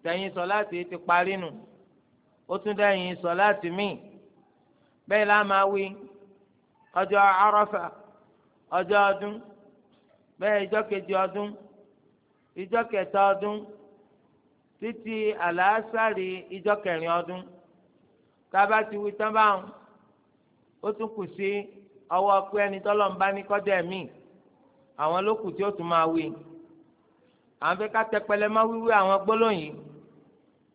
tẹ̀yìn sọ̀láàtì ti parí nù ó tún dẹ̀yìn sọ̀láàtì míì bẹ́ẹ̀ la máa wí ọjọ́ arọ́fà ọjọ́ ọdún bẹ́ẹ̀ ìjọ́ kejì ọdún ìjọ́ kẹta ọdún títí àlàásàrì ìjọ́ kẹrin ọdún tá a bá ti wí tán báwọn ó tún kù sí ọwọ́ pé ẹni tọ́lọ̀ ń bá ní kọ́dọ̀ ẹ̀mí àwọn ló kù tí ó tún máa wí àwọn fẹ́ ká tẹpẹlẹ má wíwí àwọn gbólóyìn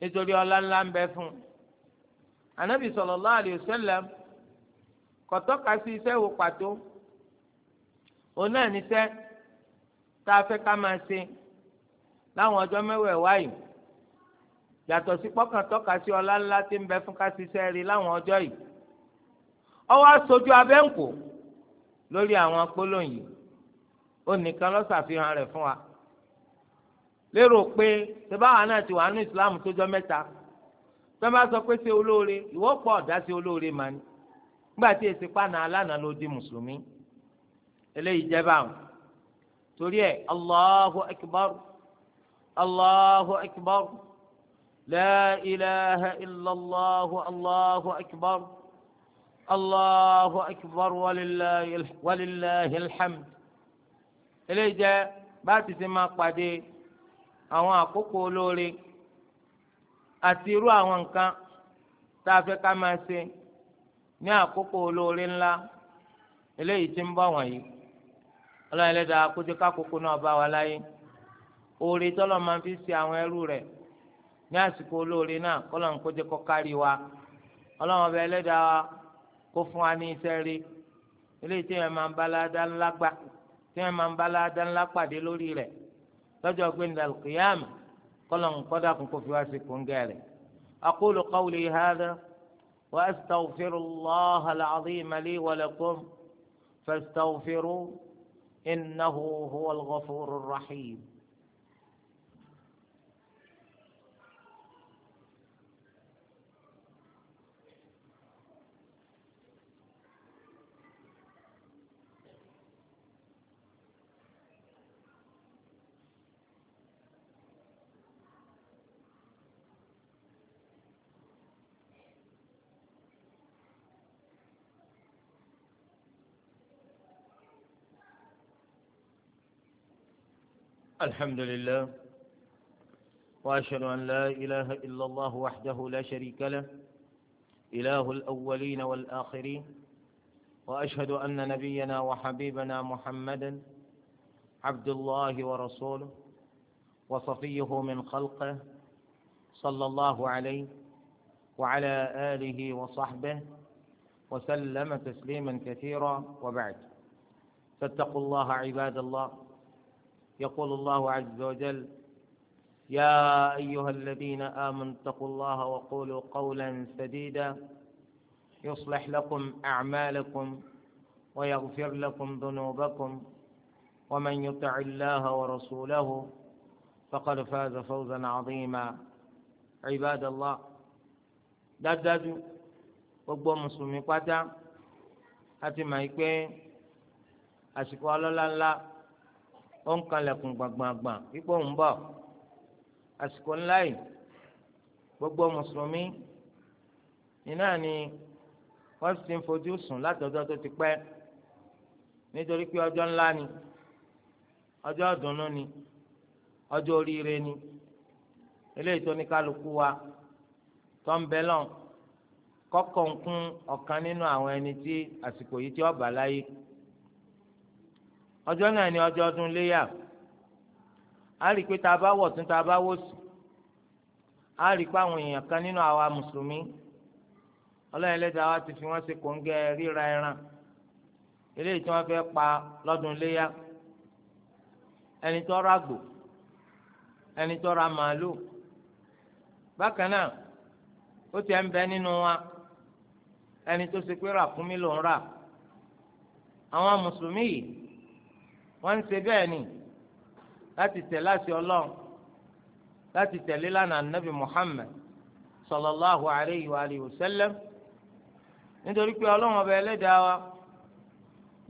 nítorí ọlá ńlá ń bẹ fún un anabi sallallahu alayhi wa sallam kò tọ́ka sí iṣẹ́ wo pàtó òun náà níṣẹ́ tá a fẹ́ ká máa ṣe láwọn ọjọ́ mẹ́wẹ̀ẹ̀wá yìí yàtọ̀ sí pọ́kàn tọ́ka sí ọlá ńlá tí ń bẹ fún ká ṣiṣẹ́ rí láwọn ọjọ́ yìí ọwọ́ aṣojú abẹ́ǹkò lórí àwọn agbólóhùn yìí ó nìkan ló ṣàfihàn rẹ̀ fún wa lérò pé tẹ́báwá náà ti wà ní islam tó jọ mẹ́ta tó bá sọ pé ṣe olóore ìwọ́ pọ̀ ọ̀dá sí olóore mà ní nígbà tí èsì pàna alánà ló di mùsùlùmí eléyìí torí الله أكبر ولله ولله الحمد eléyìí jẹ́ bá ti ṣe máa pàdé àwọn àkókò olóore àti irú àwọn nǹkan a fẹ́ ká máa ṣe ńlá eléyìí ti ń bọ̀ wọ̀nyí ọlọ́run ẹlẹ́dàá kó jẹ́ náà bá wa láyé fi ṣe àwọn ẹrú ní àsìkò náà wa kó fún wa ní iṣẹ́ rí eléyìí tí yẹn máa ń balada ńlá gbà tí yẹn máa ń balada ńlá pàdé lórí rẹ̀ lọ́jọ́ gbẹ̀ndà kìyàmù kọ́lọ́n kọ́dà kún kó fi wá sí kóńgẹ́ rẹ̀. أقول قولي هذا وأستغفر الله العظيم لي ولكم فاستغفروا إنه هو الغفور الرحيم الحمد لله وأشهد أن لا إله إلا الله وحده لا شريك له إله الأولين والآخرين وأشهد أن نبينا وحبيبنا محمدا عبد الله ورسوله وصفيه من خلقه صلى الله عليه وعلى آله وصحبه وسلم تسليما كثيرا وبعد فاتقوا الله عباد الله يقول الله عز وجل يا أيها الذين آمنوا اتقوا الله وقولوا قولا سديدا يصلح لكم أعمالكم ويغفر لكم ذنوبكم ومن يطع الله ورسوله فقد فاز فوزا عظيما عباد الله دادادو gbogbo mùsùlùmí pátá a ti mọ̀ pé àsìkò لا ó ń kanlẹ̀kùn gbàngbàngbàn pípọ̀ ń bọ̀ àsìkò ńlá yìí gbogbo mùsùlùmí iná ni wọ́n ti ń fojú sùn látọjọ́ tó ti pẹ́ nítorí pé ọjọ́ ńlá ni ọjọ́ ọ̀dùnnú ni ọjọ́ oríire ni eléyìí tó ní kálukú wa tó ń bẹ lọ́n kọ́kọ́ ń kún ọ̀kan nínú àwọn ẹni tí àsìkò yìí láyé. ọjọ́ náà ni ọjọ́ ọdún léyà á rí i pé tá a bá wọ̀ tún tá a bá wò sí á rí i pé àwọn èèyàn kan nínú àwa mùsùlùmí ọlọ́run ẹlẹ́dàá wa ti fi wọ́n ṣe kòńgẹ́ ríra ẹran eléyìí tí wọ́n fẹ́ pa lọ́dún léyà ẹni tó ra gbò ẹni tó ra màálù bákan náà ó ti ń bẹ nínú wa ẹni tó ṣe pé ràkúnmí ló ń rà àwọn mùsùlùmí yìí wọ́n ń ṣe bẹ́ẹ̀ ni láti tẹ̀lé àṣẹ ọlọ́run láti tẹ̀lé lánàá nabi muhammed sallallahu alayhi wa alihi wa sallam nítorí pé ọlọ́run ọba ẹlẹ́dàá wa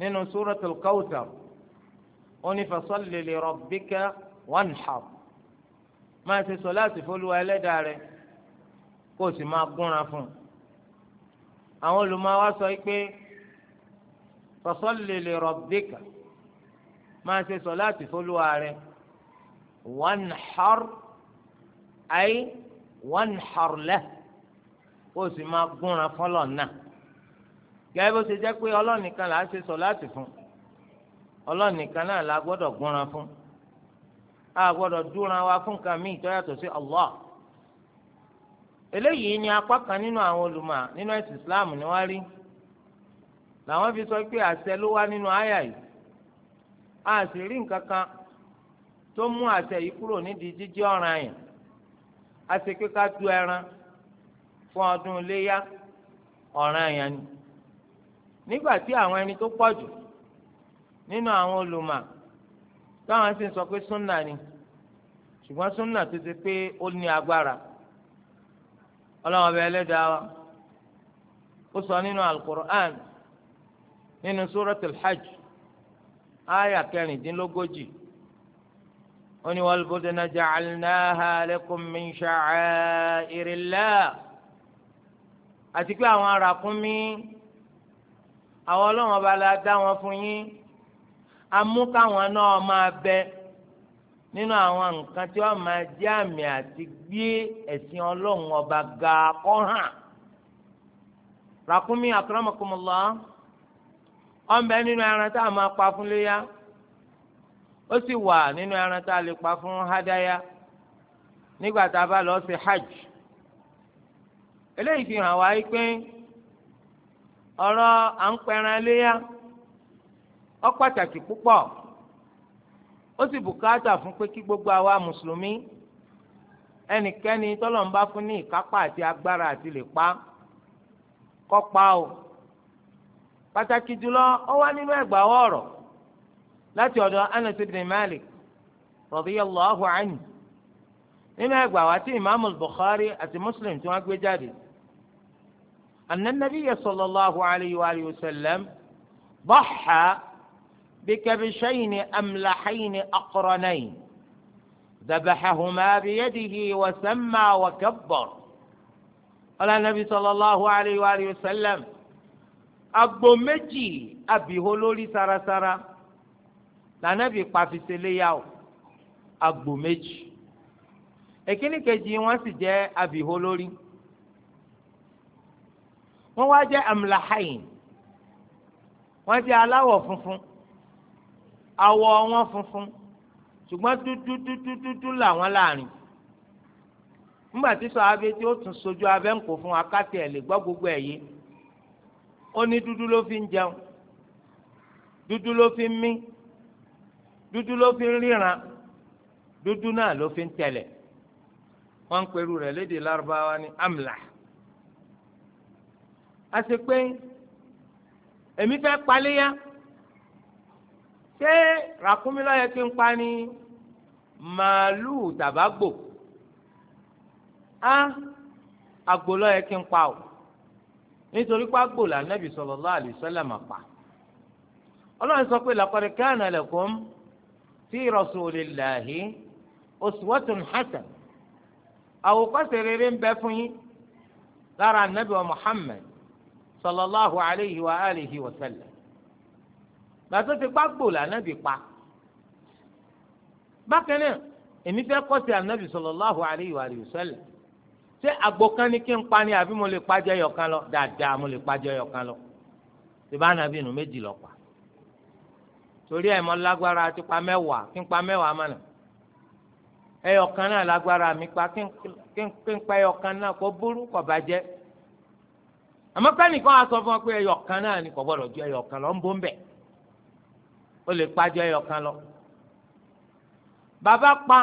nínú suratul kawthar ó ní fasalli li máa ṣe sọ láti fọlùwà ẹlẹ́dàá rẹ kó o sì máa gúnra fún un àwọn olùmọ̀ wa sọ pé fasalli li máa ṣe sọláàtì fọlúwa rẹ wanhar ayé wanhar lẹ kó o sì máa gúnra fọlọ́ náà gẹ́gẹ́ bó ṣe jẹ́ pé Ọlọ́run nìkan là á ṣe sọláàtì fún Ọlọ́run nìkan náà la gbọ́dọ̀ gúnra fún a gbọ́dọ̀ dúnra wa fún nǹkan míì tó sí Allah eléyìí ni apá kan nínú àwọn olùmọ̀ nínú ẹ̀sìn Islam ni wọ́n rí làwọn fi sọ pé àṣẹ ló wá nínú àyà yìí a sì rí nǹkan kan tó mú àṣẹ yìí kúrò nídìí jíjẹ́ ọ̀ràn yẹn a ti pé ká du ẹran fún ọdún iléyá ọ̀ràn yẹn ni nígbà tí àwọn ẹni tó pọ̀ jù nínú àwọn olùmọ̀ táwọn sì ń sọ pé súnà ni ṣùgbọ́n súnà tó ti pé ó ní agbára ọlọ́run ẹlẹ́dàá wa ó sọ nínú alukur'an nínú hajj. aya kẹrìndínlógójì ó ní wal budna ja'alnaha lakum min sha'airillah àti pé àwọn arákùnmí àwọn ọlọ́wọ́n bá la dá wọn fún yín amú káwọn náà máa bẹ nínú àwọn nǹkan tí wọ́n máa jẹ́ àmì àti gbé ẹ̀sìn ọlọ́run ọba ga kọ́ hàn ràkúnmí akramakumullah ọ̀nbẹ nínú ẹran tá a máa pa fún léyà ó sì wà nínú ẹran tá a lè pa fún hádáyà nígbà tá a bá lọ sí hajj eléyìí fi hàn wá pé ọ̀rọ̀ à ń pẹran léyà ó pàtàkì púpọ̀ ó sì bùkátà fún pé kí gbogbo àwa mùsùlùmí ẹnikẹ́ni tọ́lọ́run fún ní ìkápá àti agbára àti lè pa kó pa o. pàtàkì jùlọ ó wá nínú ẹgbà ọ̀rọ̀ láti ọ̀dọ̀ Anas ibn Malik rọbí radiyallahu anhu nínú ẹgbà wá tí imaamu Bukhari àti Muslim tí wọ́n gbé jáde anna nabiyya sallallahu alayhi wa alihi wa sallam ضحى بكبشين أملحين أقرنين ذبحهما بيده وسمى وكبر قال النبي صلى الله عليه وآله وسلم agbo méjì abìhó lórí sarasara lànàbì pàfìsẹ́lẹ́yà o agbo méjì èkíní kejì wọn sì jẹ́ abìhó lórí wọ́n wá jẹ́ amlahayin wọ́n jẹ́ aláwọ̀ funfun awọ wọn funfun ṣùgbọ́n tútútútútú làwọn láàrin nígbà tí sọ abẹ tí ó tún sojú abẹ ń kó fún akátẹ ẹ lè gbọ́ gbogbo ẹ yìí ó ní dúdú ló fi ń jẹun dúdú ló fi ń mí dúdú ló fi ń ríran dúdú náà ló fi ń tẹ̀lẹ̀ wọ́n ń pẹ̀lú rẹ̀ lédè lárúbáwá ní amla a sì pé èmi fẹ́ paléyà ṣé ràkúnmí lọ́yẹ kí n pa ni màálùú tàbágbò á àgbò lọ́yẹ kí n pa o nítorí págbó là nẹ́bí sallallahu alaihi wasallam pa ọlọ́run sọ pé laqad kana lakum fi rasulillahi uswatun hasan àwòkọ́ṣe rere ń bẹ fún yín lára nẹ́bí wa Muhammad sallallahu alayhi wa alihi wa sallam gbàtó ti págbó là nẹ́bí pa bákan náà èmi fẹ́ kọ́ sí ànábì sallallahu alayhi wa alihi wa sallam ṣé àgbo kan ní kí n pa ni àbí mo lè pàjẹ́ yọkan lọ dáadáa mo lè pàjẹ́ yọkan lọ ṣèbá nàbí nù méjì lọ pa torí ẹ̀ mọ́ lágbára ti pa mẹ́wàá kí n pa mẹ́wàá mọ́nà ẹyọkan náà lágbára mi pa kí n pa ẹyọkan náà kó burú kó bàjẹ́ àmọ́ kánìkan á sọ fún ọ pé ẹyọkan náà ni kò gbọ́dọ̀ ju ẹyọkan lọ ń bó ń bẹ̀ lè pàjẹ́ ẹyọkan lọ bàbá pa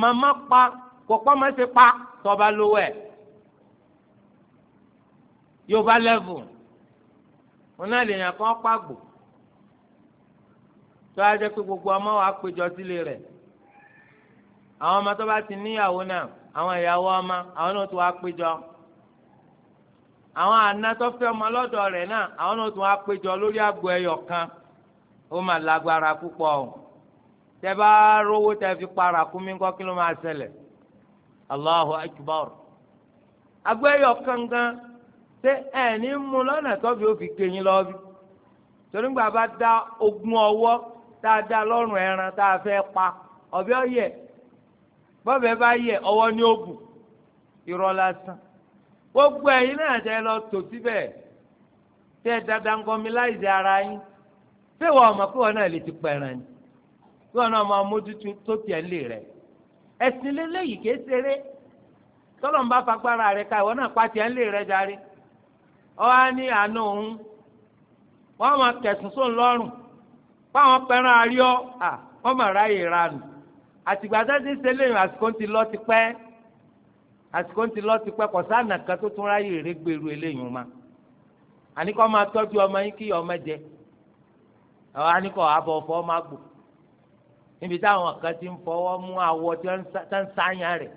màmá pa kò pọ́ máa ṣe pa tọ́ba lówó ẹ̀ yorùbá lẹ́vù wọn náà lè yàn kán pàgbò tó a jẹ́ pé gbogbo ọmọ wa péjọ sílé rẹ̀ àwọn ọmọ tó bá ti níyàwó náà àwọn ìyàwó ọmọ àwọn náà tó wá péjọ àwọn àna tó fẹ́ ọmọ lọ́dọ̀ rẹ̀ náà àwọn náà tó wá péjọ lórí àgbo ẹyọ kan ó mà lágbára púpọ̀ o tẹ bá rówó tẹ fi para kú mi kọ́ kí ló máa ṣẹlẹ̀ Allahu akbar agbẹ́yọ̀ kankan ṣé ẹ̀ mú lọ́nà na ó fi kéyìn lọ́bi torí gbà bá da ogun ọwọ́ tá a da lọ́rùn ẹran tá a fẹ́ pa ọ̀bẹ ọ̀yẹ̀ bọ́bẹ̀ bá yẹ ọwọ́ ní òbù irọ́ lásán gbogbo ẹ̀yin náà tẹ lọ tò síbẹ̀ tẹ ara yín ọmọ náà lè ti pẹ̀ràn ni kí náà tó tiẹ̀ rẹ̀ ẹ̀sìn lélẹ́yìí kìí ṣeré tọ́lọ́n bá fagbára rẹ̀ ká ìwọ náà pàtì ẹ̀ ń lè rẹ̀ darí ọ̀há ní àánú òun wọn máa kẹ̀sùn sóun lọ́rùn fáwọn pẹ̀ràn àríọ́ à wọ́n máa ráyè ranù àtìgbà tó ti ṣe léyìn àsìkò ti lọ ti pẹ àsìkò ti lọ ti pẹ́ kò sáànà kan tó tún ráyè rẹ̀ gbèrú ma àníkọ́ máa tọ́jú ọmọ níbi táwọn kan ti ń fọwọ́ mú awọ tí wọ́n ń sáyàn rẹ̀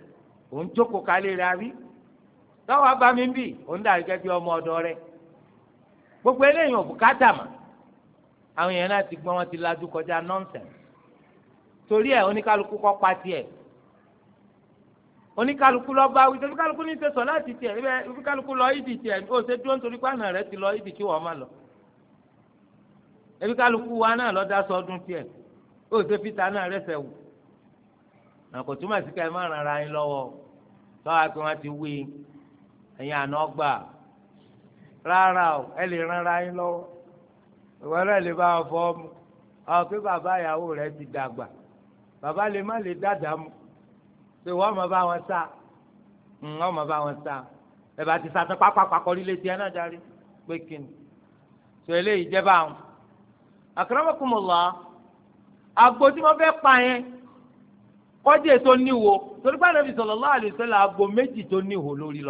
òun jókòó kálẹ̀ rẹ̀ àbí tọ́wọ́ bá mi bì òun dàrí kẹ́kẹ́ ọmọ ọ̀dọ́ rẹ̀ gbogbo eléyìí ò bùkátà mà àwọn èèyàn náà ti gbọ́n wọn ti lajú kọjá nọ́ọ̀sẹ̀n torí ẹ̀ oníkálukú kọ́ pa tiẹ̀ oníkálukú lọ bá wí oníkálukú ní sẹ́sọ̀ láti tiẹ̀ oníkálukú lọ ìdì tiẹ̀ ó ṣe dúró nítorí pàànà rẹ̀ ti lọ ìdì kí wọ́n má lọ oníkálukú wa náà lọ dá sọ́dún tiẹ̀ ó ṣe fi tànà rẹ sẹ̀wù àkó túmọ̀ sí ká ẹ má ran ara yín lọ́wọ́ tọ́wọ́ ti wí ẹ̀yin àná gbà rárá o ẹ lè ran ara yín lọ́wọ́ ìwọ náà lè bá wọn pé bàbá ìyàwó rẹ ti dàgbà bàbá lè má lè pé bá wọn sá wọ́n bá wọn sá ẹ bá ti agbo tí wọ́n fẹ́ pa yẹn kọ́jà tó níwo torí pé Ànábì sallallahu alaihi wasallam àgbo méjì tó níwo lórí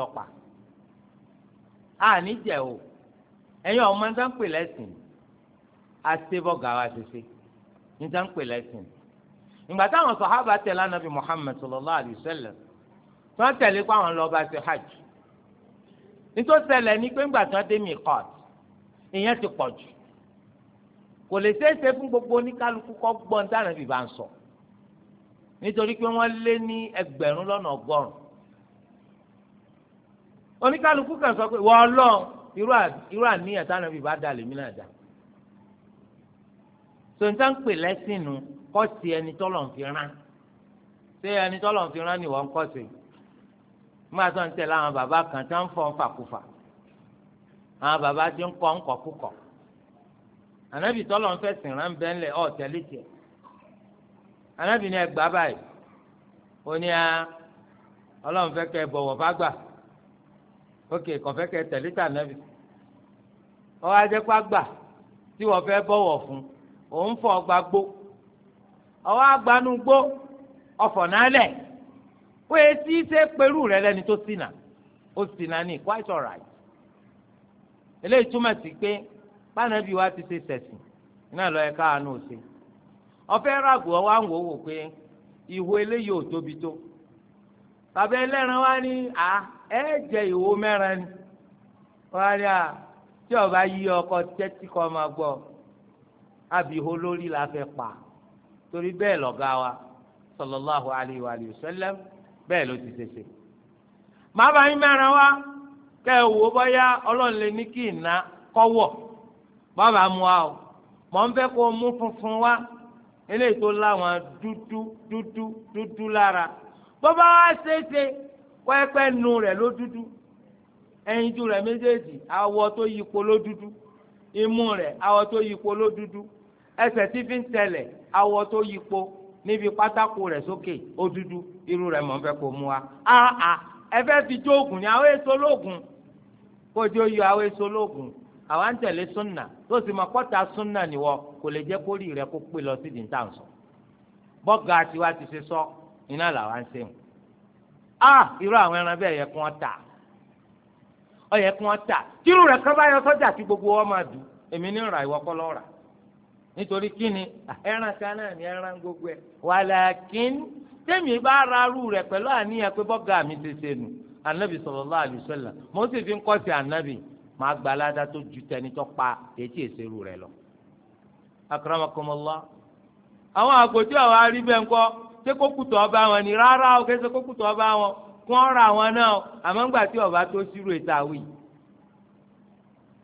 àní o ẹ̀yin ọmọ ní sáà pè lẹ́sìn àṣebọ̀ gàwa ṣẹṣẹ ní sáà pè lẹ́sìn ìgbà táwọn sọ̀hábà tẹ̀lé Ànábì tí àwọn ṣe hajj nítorí ní pé ńgbà tí dé mi kò lè ṣeéṣe fún gbogbo oníkálukú kọ́ gbọ́n dáná bí bá ń sọ nítorí pé wọ́n lé ní ẹgbẹ̀rún lọ́nà ọgọ́rùn oníkálukú kan sọ pé wọ́n lọ irú àníyàn táwọn ibi bá dà lèmi náà dà sọ̀tà ń pè lẹ́sìn nu kọ́sì ẹni tọ́lọ̀ ń fi rán ṣé ẹni tọ́lọ̀ ń fi rán ni wọ́n ń kọ́sì máa sọ ń tẹ̀lé àwọn bàbá kan tí ń fọ́ ń fàkùfà àwọn bàbá tí ń kọ́ ń kọ́ kúkọ̀ọ́. anabi tọlọ ń fẹ̀sìn rán bẹ́ẹ̀ ọ ọ̀ anabi ni ẹgbà báyìí ó ní a ọlọ́run fẹ́ kẹ́ bọ̀wọ̀ bá ókè tà anabi ọ wá jẹ́ tí wọ́n fẹ́ bọ̀wọ̀ fún òun fọ̀ ọgbà gbó ọwọ́ agbanú gbó ọfọ̀ nálẹ̀ ó yẹ ṣe rẹ tó ó ní quite alright eléyìí túmọ̀ bánabi wa ti ṣe tẹ̀sìn iná lọ ẹ ṣe ọ̀fẹ́ ọ ń wò wò pé ìwo eléyìí ò tóbi tó bàbá ẹlẹ́ran wa ní à ẹ jẹ ìwo mẹ́rin ni wọ́n ọba yí ọkọ tẹ́tí kọ́ máa gbọ́ àbího lórí la fẹ́ pa torí bẹ́ẹ̀ lọ́gá wa sallallahu alayhi wa sallam bẹ́ẹ̀ ló ti ṣẹṣẹ. màá wa kẹ́ ẹ̀ wò bọ́yá ọlọ́run lè ní kí ìná bàbá mu wa o mọ̀ ń fẹ́ kó o mú funfun wá eléyìí tó láwọn dúdú dúdú dúdú lára bàbá wa ṣeéṣe pẹ́pẹ́ nu rẹ̀ ló dúdú ẹyinjú rẹ̀ méjèèjì awọ tó yípo ló dúdú imú rẹ̀ awọ tó yípo ló dúdú ẹsẹ̀ tí fi ń tẹ̀lẹ̀ awọ tó yípo níbi pátákó rẹ̀ sókè ó dúdú irú rẹ̀ mọ̀ ń fẹ́ kó mu wa a a ẹ fẹ́ fi jó oògùn ni àwọn èso lóògùn kó o jó yọ àwọn èso lóògùn àwa ń tẹ̀lé súnà tó sì máa kọ́ta súnà nìwọ kò lè jẹ́ kó rí rẹ kó pè lọ sí di níta sọ bọ́gà tiwa ti ṣe sọ iná làwa ń ṣe wọn. a irú àwọn ẹran bẹ́ẹ̀ yẹ kí wọ́n tà ọ yẹ kí wọ́n tà tírú rẹ̀ kọ́ bá yọ sọ́jà tí gbogbo wọn máa dù èmi ní ra ìwọ kọ́ rà nítorí kíni ẹran kan náà ni ẹran gbogbo ẹ wàlàkín tẹ́mi bá ra arú rẹ̀ pẹ̀lú àníyàn pé bọ́gà mi ti ṣe nù anabi sallallahu alaihi máa gba aládá tó ju tẹni tó pa etí èsèrú rẹ lọ. akramakumullah àwọn àgòjú àwọn arígbẹ́ ńkọ́ ṣé kó kùtọ̀ ọba wọn ni rárá o kẹsẹ̀ kó kùtọ̀ ọba wọn kó ń ra àwọn náà àmọ́ ńgbà tí ọba tó sírò ètò àwìn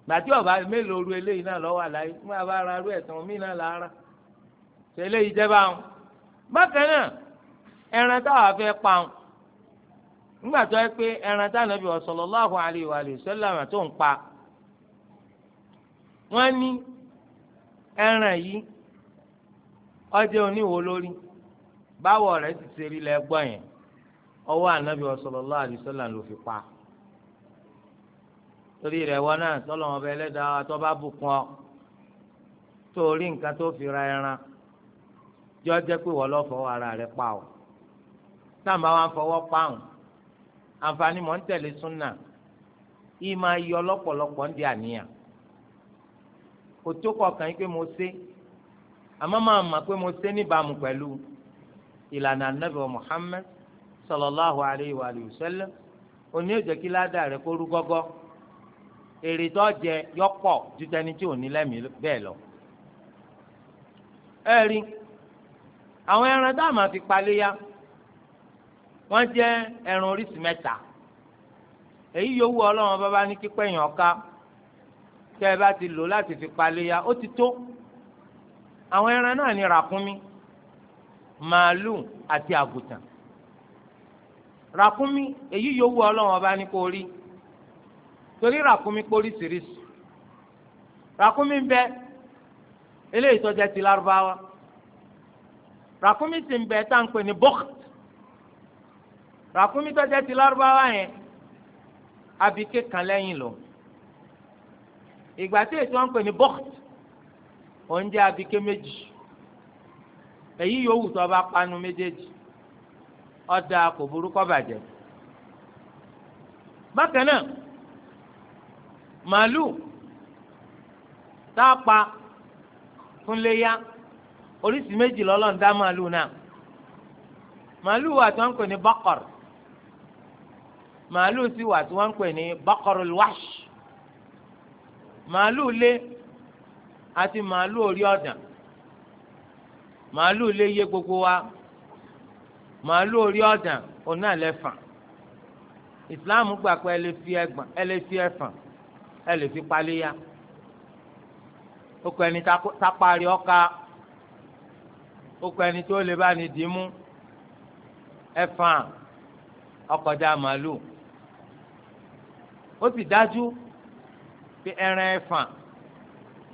gbàtí ọba mélòó ru eléyìí náà lọ́wọ́ àlàyé fún abá ara ru ẹ̀sán mí náà lára ṣe eléyìí jẹ́ báwọn. bákan náà ẹran táwa fẹ́ pa wọn nígbà tó yẹ pé ẹran tá ànábì sallallahu alaihi wa alihi wasallam tó ń pa wọ́n ní ẹran yìí ọjọ́ oníwo lórí báwọ̀ rẹ̀ ti ṣe rí lẹ́gbọ́n yẹn ọwọ́ ànábì sallallahu alaihi wasallam ló fi pa torí rẹ̀ wọ́n náà sọ́lọ́ ọba ẹlẹ́dàá tó bá bùkún ọ tó nǹkan tó fi ra ẹran jọ́ jẹ́ pé wọ́n lọ́ fọwọ́ ara rẹ̀ pa ọ́ táwọn bá wà ń pa ọ́ àǹfààní mọ̀ ń tẹ̀lé súnà yìí máa yọ lọ́pọ̀lọpọ̀ ń di àníyàn kò tó kọkàn yín pé mo ṣe àmọ́ máa mà pé mo ṣe níbàámu pẹ̀lú ìlànà anabi Muhammad sallallahu alayhi wa sallam òní òjò kí ládà rẹ kó rú gọ́gọ́ èrè tó jẹ yọpọ̀ ju tẹni tí ò ní lẹ́mìí bẹ́ẹ̀ lọ. ẹ wọ́n jẹ́ ẹran oríṣi mẹ́ta èyí yòówù ọlọ́run bá bá ní kíkọ́ èèyàn ká tẹ́ ẹ bá ti lò láti fi paléya ó ti tó àwọn ẹran náà ní ràkúnmí màálù àti àgùtàn ràkúnmí èyí yòówù ọlọ́run bá ní kó rí torí ràkúnmí póríṣiríṣi ràkúnmí ń bẹ eléyìí tó ti lárúbáwá ràkúnmí sì ń bẹ tá à ń pè ní bọ́ọ̀tì ràkúnmí tó jẹ́ ti lárúbáwá yẹn abike kan lẹ́yìn lò ìgbà tí ètò wọn pè ní bọ́t òun jẹ́ abike méjì èyí yòówù tó bá panu méjèèjì ọ̀dà kò burúkọ bàjẹ́ bákan náà màálù tá a pa oríṣi méjì lọ́lọ́run màálù náà màálù àti wọn pè ní bọ́kọ̀rọ̀ màálù si wà tí wọ́n ń pè ní bakarul wash màálù lé àti màálù orí ọ̀dàn màálù gbogbo wa màálù orí ọ̀dàn ọ̀nà lẹ́fàn islam gbà pé ẹ lè fi ẹgbàn ẹ lè fi ẹfàn ẹ ta ẹni tá parí ọkà ẹni tó lè bá ó sì dájú pé ẹran ẹfà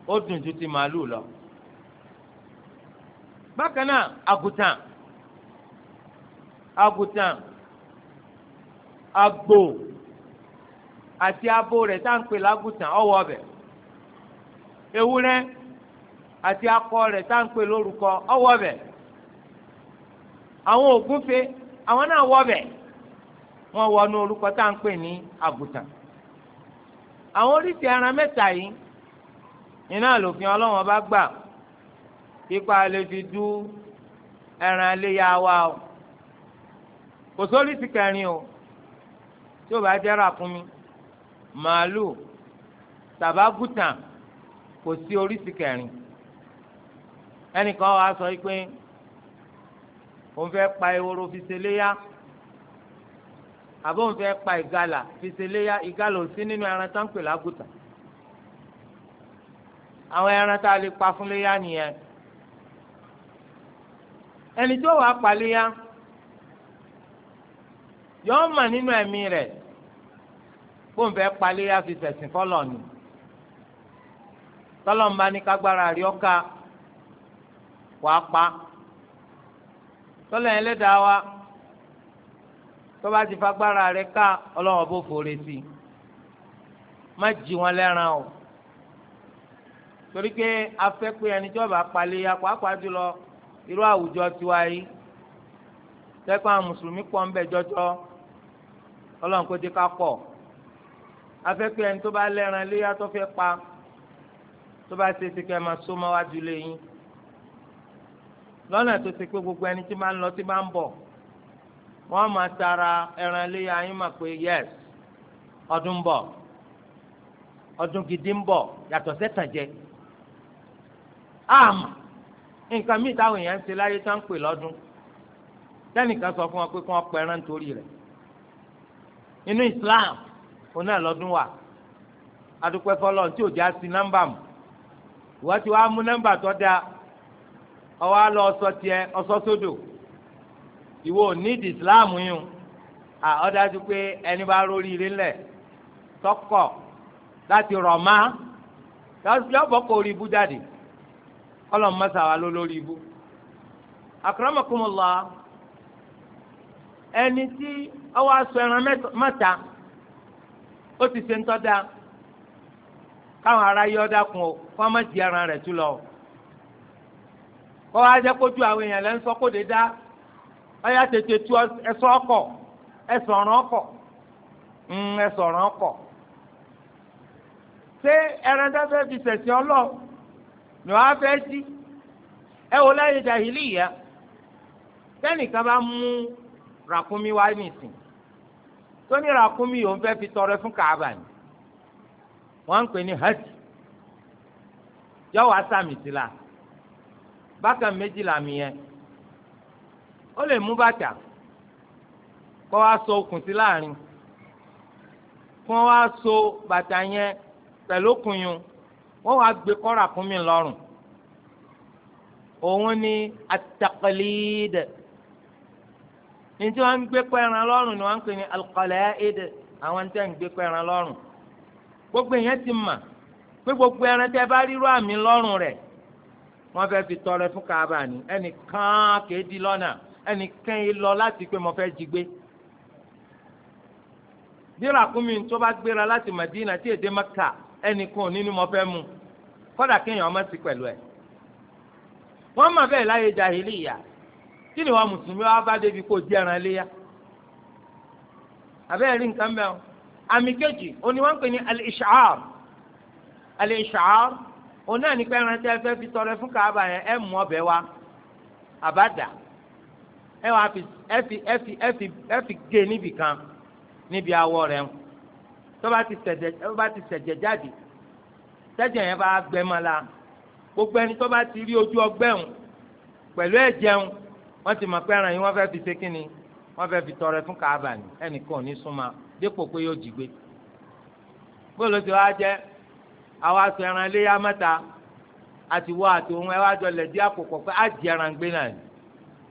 ó dùn ju ti màálù lọ bákan náà àgùtàn àgùtàn àgbò àti abo rẹ̀ tá à ń pè lágùtàn ọwọ́ ọbẹ̀ ewúrẹ́ àti akọ rẹ̀ tá à ń pè lórúkọ ọwọ́ ọbẹ̀ àwọn ògúnfe àwọn náà wọ́ ọbẹ̀ wọ́n wọnú orúkọ tá à pè ní àgùtàn àwọn oríṣi ẹran mẹ́ta yìí iná lòfin ọlọ́wọ́n bá gbà ipa lè fi dú ẹran iléyà wa o kò sóríṣi kẹrin o tí o bá jẹ́ ràkúnmí màálù tàbágùtàn kò sí oríṣi kẹrin ẹnìkan wàá sọ pé òun fẹ́ pa ehoro fi ṣe léyà. àbóhùn fẹ́ pa ìgalà fìṣẹ̀lẹ́yà ìgalà òsín nínú ẹran tó ń pè lágùtà àwọn ẹran tá a lè pa fún léyà nìyẹn ẹni tó wàá mà nínú rẹ̀ fẹ́ fi fọlọ́ ni tọ́lọ́mùbá ní kágbára wàá pa tọ́lọ́ tó bá ti fagbára rẹ ká ọlọ́wọ́ bó forí sí i má jí wọn lẹ́ran o torí pé a fẹ́ palẹ̀ ya pàápàá jùlọ irú àwùjọ tiwa yìí tẹ́kọ̀ àwọn mùsùlùmí pọ̀ ń bẹ jọjọ ọlọ́run kò ti ká pọ̀ a fẹ́ pé ẹni tó bá lẹ́ran léyà tó fẹ́ pa tó bá ṣe ti kẹ́ ẹ máa só mọ́ wájú lẹ́yìn lọ́nà tó ti pé gbogbo ẹni tí máa ń lọ tí máa ń bọ̀ wọ́n ma tara ẹran iléyá yín ma pé yẹs ọdún bọ bọ̀ ọdún gidi ń bọ̀ yàtọ̀ sẹ́tàn jẹ àmọ́ nǹkan míì táwọn èèyàn ń ṣe láyé tá ń pè lọ́dún sọ fún wọn pé kí wọ́n pẹran nítorí rẹ̀ inú Islam òun náà lọ́dún wà adúpẹ́ fọlọ́ tí ò já sí nọ́mbà mu ìwọ́n ti wá mú nọ́mbà tó dáa ọwọ́ á lọ ọsọ ọsọ sódò. So ìwọ ò ní di islam yìí à ó dájú pé ẹni bá rórí ilé ńlẹ̀ tọkọ̀ láti rọ̀ má lọ́bọ̀ kò rí ibú jáde kọ́lọ̀ mọ́sà wa ló lórí ibú. akramakumullah ẹni tí ọwọ́ aṣọ ẹran mẹ́ta ó ti ṣe ń tọ́ da káwọn ará yọ dákun o kó ẹran lọ kó wá jẹ́ kójú àwọn èèyàn ń sọ kó dá ọyà tètè tu ẹsọ ọkọ ẹsọràn ọkọ mm, ọkọ ṣé ẹran tó fẹ́ fi sẹ̀sìn ọlọ́ ni wọ́n á fẹ́ sí ẹ wò láyé jàhìlì yá tẹ́nìkan bá mú ràkúnmí wá nìsín tó ní ràkúnmí òun fi tọrẹ fún kàábà ni wọ́n ń pè ní hajj yọ wá sàmì sí la bákan méjìlá mi yẹn. ó lè mú bàtà kó wá so okùn sí láàrin kó wá so bàtà yẹn pẹ̀lú okùn yun wọ́n wá gbé kọ́ra kún mi lọ́rùn òun ni at-taqlid ní tí wọ́n ń gbé pẹ́ran lọ́rùn ni wọ́n ń pè ní al-qala'id àwọn tẹ́ ń gbé pẹ́ran lọ́rùn gbogbo èèyàn ti mà pé gbogbo ẹran tẹ́ bá rírọ àmì lọ́rùn rẹ̀ wọ́n fẹ́ fi tọrẹ fún kaaba ni ẹnì kan kéé lọ́nà ẹnìkan yìí lọ láti pé mo fẹ́ jí gbé bí ràkúnmí tó bá gbéra láti Madina tí èdè Maka ẹnìkan ò ní mo fẹ́ mu kódà kéèyàn ọmọ sí pẹ̀lú ẹ̀ wọ́n mọ̀ bẹ́ẹ̀ láyé jahiliya kí ni wọ́n mùsùlùmí wá bá débi kó di ẹran léyà àbẹ́ẹ̀ rí nǹkan bẹ́ẹ̀ o àmì kejì òní wọ́n ń pè ní al-ish'ar al-ish'ar òun náà ní pé ẹran fẹ́ fi tọrẹ fún Kaaba yẹn ẹ mú ọbẹ̀ wa àbádà ẹ wàá fi ẹ fi ẹ fi ẹ fi ẹ fi gé níbì kan níbi awọ rẹ ń tó ti sẹ̀jẹ̀ tó ti sẹ̀jẹ̀ jáde sẹ̀jẹ̀ yẹn bá gbẹ mọ́ la gbogbo ẹni tó bá ti rí ojú ọgbẹ́ ń pẹ̀lú ẹ̀jẹ̀ ń wọ́n ti mọ̀ pé ẹran yìí wọ́n fẹ́ fi ṣe kí ni wọ́n fẹ́ fi tọrẹ fún Kaaba ni ẹnìkan ò ní súnmọ́ dípò pé yóò jí gbé bóòlù tí wàá jẹ́ àwọn aṣọ ẹran iléyà mẹ́ta àtiwọ́ àti òun ẹ jọ lẹ̀ dí pé á ẹran gbé náà ni.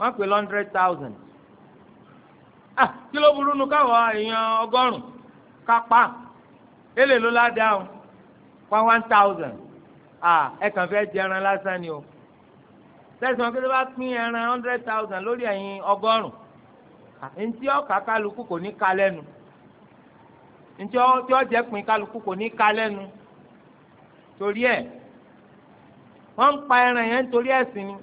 wọ́n pè hundred thousand ah kí ló burú nu káwọn èèyàn ọgọ́rùn kápá èlé ló ládàá o one one thousand ah ẹ kàn fẹ́ jẹran lásán ni o tẹsán kí ló bá pín ẹran hundred thousand lórí ẹ̀yin ọgọ́rùn ah, ntí ọkà kálukú kò ní ka lẹ́nu ntí ọtí ọjẹ pín kálukú kò ní ka lẹ́nu torí ẹ̀ wọ́n ń pa ẹran yẹn nítorí ẹ̀sìn ni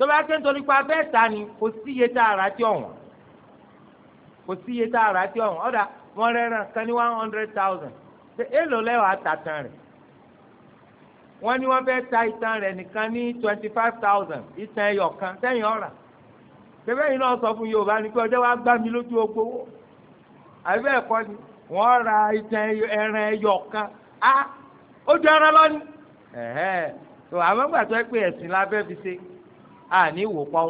tó bá ké nítorí pé abẹ́ ta ni kò sí iye tá a rà tí ọ̀wọ́n kò sí iye tá a rà tí ọ̀wọ́n ọ̀dà wọn rẹ́ràn kan ní one hundred thousand ṣe èèlò lẹ́wàá tàtàn rẹ̀ wọ́n ní wọ́n fẹ́ ta ìtàn rẹ̀ nìkan ní twenty five thousand ìtàn ẹ̀yọ̀ kan sẹ́yìn ọ̀rà ṣẹ́fẹ́ yìí náà sọ fún Yorùbá ni pé ọjọ́ wa gbá mi lójú ogbó àbí bẹ́ẹ̀ kọ́ ni wọ́n ra ìtàn ẹran ẹ̀yọ̀ kan á ó jẹ́ ẹran lọ́ni ẹ̀hẹ́ tó àmọ́ gbàtọ́ pé ẹ̀sìn la fi ṣe àní wò pọ̀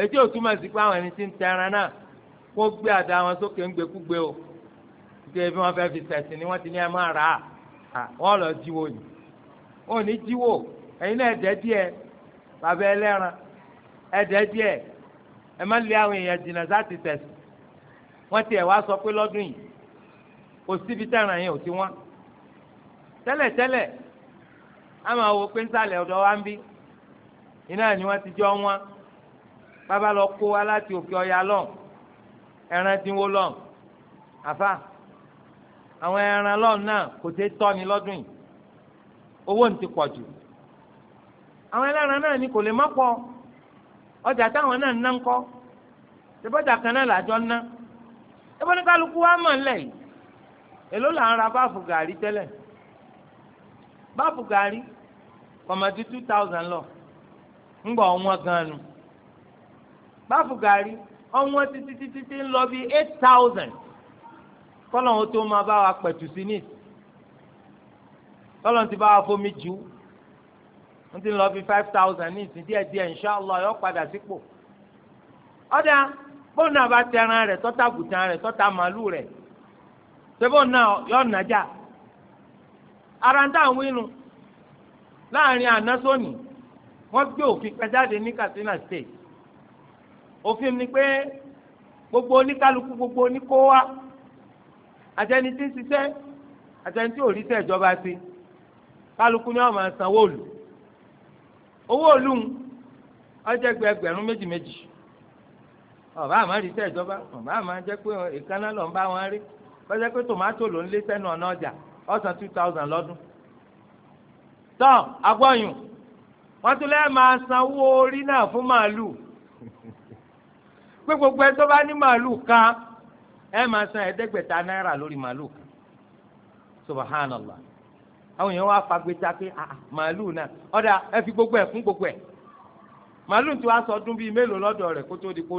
Eji ètò òtúmọ̀ sí pé àwọn ẹni tí ń tẹran náà kó gbé o gbé bí wọn fẹ́ fi sẹ̀sìn ni wọ́n ti ní ẹ máa rà á wọ́n lọ jíwò ni wọn ní jíwò ẹ̀yin náà ẹ̀dẹ́ díẹ̀ bàbá ẹlẹ́ran ẹ̀dẹ́ díẹ̀ ẹ má lé àwọn èèyàn jìnnà sáti sẹ̀sìn wọ́n tiẹ̀ wá sọ pé lọ́dún yìí kò síbi tẹ̀ràn yẹn ò ti wọ́n á máa wo pé ń ọ̀dọ̀ wa ń iná ni wọ́n ti jọ wọn bàbá lọ kó wa láti òkè ọ̀yà lọ́n ẹran tí wọ́n lọ́n àfa àwọn ẹran lọ́n náà kò tẹ́ tọ́ni lọ́dún yìí owó ń ti pọ̀ jù àwọn ẹlẹ́ran náà ni kò lè má pọ̀ ọjà táwọn náà ń ná ń kọ́ ṣèbọ́jà kan náà làjọ ń ná ẹbọ́ ní kálukú wa mọ̀ ńlẹ̀ yìí èló là ń ra báàfù gàrí tẹ́lẹ̀ báàfù gàrí kọ̀mọ̀dé two thousand lọ ńgbà ọ̀wọ́n gan nu báfù gàrí ọ̀wọ́n títí títí ti ń lọ bí eight thousand kọ́nà tó máa bá wa pẹ̀tù sí ní kọ́nà ti bá wa fomi jù wọ́n ti lọ bí five thousand ní ìsìn díẹ̀ díẹ̀ padà sípò ọ̀dà bóun náà bá tẹran rẹ̀ tọ́ta rẹ̀ tọ́ta ara ń láàrin wọ́n gbé òfin kan jáde ní Katsina state òfin ni pé gbogbo oníkálukú gbogbo oníkówá àtẹni tí ń ṣiṣẹ́ àtẹni tí ò rí ṣẹ́ ìjọba sí kálukú ni wọ́n máa sanwó òlù owó òlù ń ọjọ́ ẹgbẹ́ ẹgbẹ̀rún méjì méjì ọba àmọ́ rí ṣẹ́ ìjọba ọba àmọ́ jẹ́ pé èkánná lọ́n bá wọn rí kọjá pé tòmátò ló ń lé sẹ́nu ọ̀nà ọjà ọ̀sán two thousand lọ́dún tán agbọ́yùn. wọ́n tún lẹ́ẹ̀ máa sanwó orí náà fún màálù gbogbo ẹ tó bá ní màálù kan ẹ máa san ẹ̀ẹ́dẹ́gbẹ̀ta náírà lórí màálù kan subhanallah àwọn èèyàn wá fagbeta pé ah, ah, màálù náà ọ̀dà ẹ fi gbogbo ẹ̀ fún gbogbo ẹ̀ màálù tí wàá sọ ọdún bíi mélòó lọ́dọ̀ rẹ̀ kó tó di kó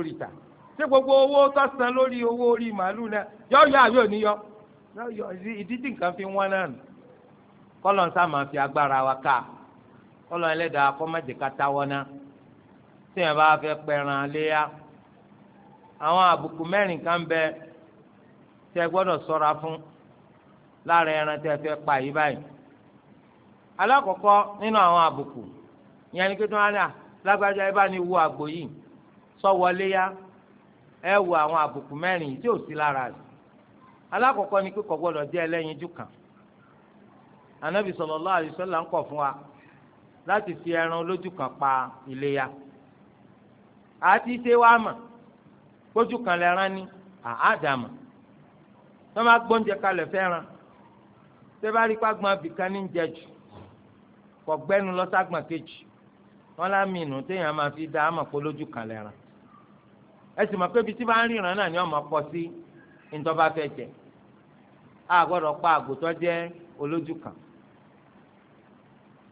san lórí owó orí màálù náà yọ yọ yọ ìdí tí nǹkan fi wọ́n náà kọlọ ẹlẹ́dàá kọmọdé katáwọná tí yẹn bá fẹ́ pẹran léyà àwọn àbùkù mẹ́rin kan bẹ tẹ gbọ́dọ̀ sọra fún lára ẹran tẹ fẹ́ pa yìí báyìí alákọọkọ nínú àwọn àbùkù yẹn ni kíkọ́ náà lágbájá ẹ bá ní wo àgbò yìí sọwọ léyà ẹ wo àwọn àbùkù mẹ́rin tí ò sí lára rẹ̀ alákọọkọ ni kíkọ gbọ́dọ̀ jẹ ẹlẹ́yinjú kan anabi sallallahu alaihi wasallam ń kọ̀ fún wa. láti fi ẹran olójú kan pa iléya àti ṣé wàá mọ̀ kójú kan lẹ́ran ní àádàmọ̀ tó máa gbóúnjẹ kalẹ̀ fẹ́ràn tó bá rí pàgbọ́n abìkan ní jẹ jù kò gbẹ́nu kejì wọn lámì inú téèyàn máa fi dá àmọ̀ pé lójú kan lẹ́ran ẹ sì mọ̀ pé ibi tí bá ń ríran náà ni ọmọ pọ̀ sí ìjọba fẹ́ jẹ a pa àgùtọ́ jẹ́ olójú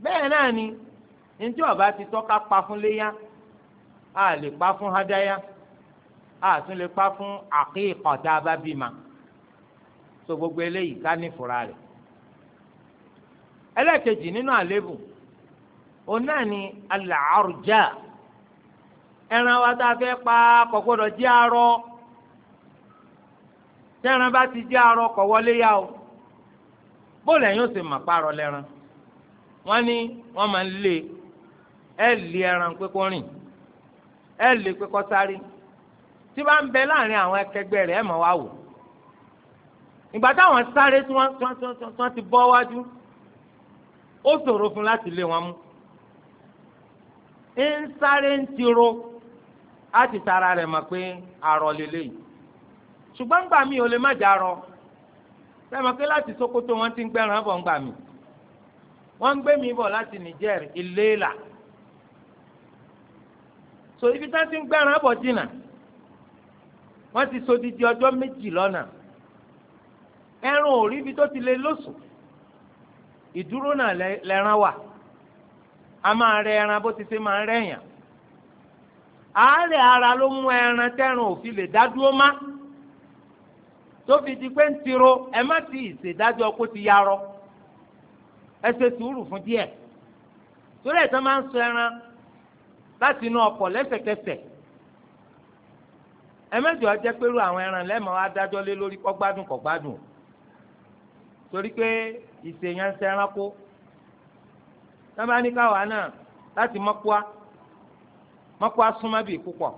bẹ́ẹ̀ náà ni ntí ọba ti tọ́ka pa fún léyà a lè pa fún hádáyà a tún lè pa fún àkíkọ̀ tá a bá so gbogbo eléyìí ká ní fura rẹ̀ ẹlẹ́kejì nínú àlébù òun náà ni alàárùjá ẹran wa tá a fẹ́ pa kò gbọ́dọ̀ jẹ́ arọ tẹ́ran bá ti jẹ́ arọ kò wọlé yá o bóòlù ẹ̀yin ò sì mà lẹ́ran wọ́n ní wọ́n máa ń lé ẹ lé ẹran pé kó rìn ẹ lé pé kó sáré tí bá ń bẹ láàrin àwọn akẹgbẹ́ rẹ̀ ẹ mọ̀ wá wò ìgbà táwọn sáré tí wọ́n ti bọ́ wájú ó ṣòro fún láti lé wọn mú ń sáré ń tiro á ti tara rẹ̀ mọ̀ pé arọ lélẹ́yìí ṣùgbọ́n gbà mí ò lè má jà rọ sẹ́mi pé láti Sokoto wọ́n ti ń gbẹ́ràn bọ̀ ń gbà mí wọ́n gbé mi bọ̀ láti Niger ìléèlà so ibi tá a ti ń gbẹ́ran bọ̀ jìnnà wọ́n ti so didi ọjọ́ méjì lọ́nà ẹran ò rí ibi tó ti lè lóṣù ìdúró náà lẹ́ran wà a máa rẹ ẹran bó ti ṣe máa rẹ̀yàn àárẹ̀ ara ló mú ẹran tẹ́ran òfin lè dá má tó fi di pé ń tiro ẹ má ti ìṣèdájọ́ kó ti yarọ. ẹ ṣe sùúrù fún díẹ̀ torí ẹ̀ tán máa ń sọ ẹran láti inú ọkọ̀ lẹ́sẹ̀kẹsẹ̀ ẹ̀mẹ́jọ jẹ́ pẹ̀lú àwọn ẹran lẹ́mọ̀ adájọ́ lé lórí kọ́gbádùn kọ́gbádùn torí pé ìṣèyàn ń sẹ́ranko sábà ní káwa náà láti mọ́kúá mọ́kúá súnmọ́ bíi púpọ̀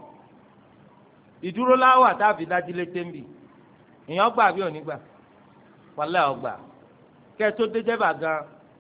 ìdúró láwà táàbí dájú létí ń bì èèyàn gbà bí ò ní gbà wàlẹ́ ọgbà kẹ́ tó dé jẹ́bà gan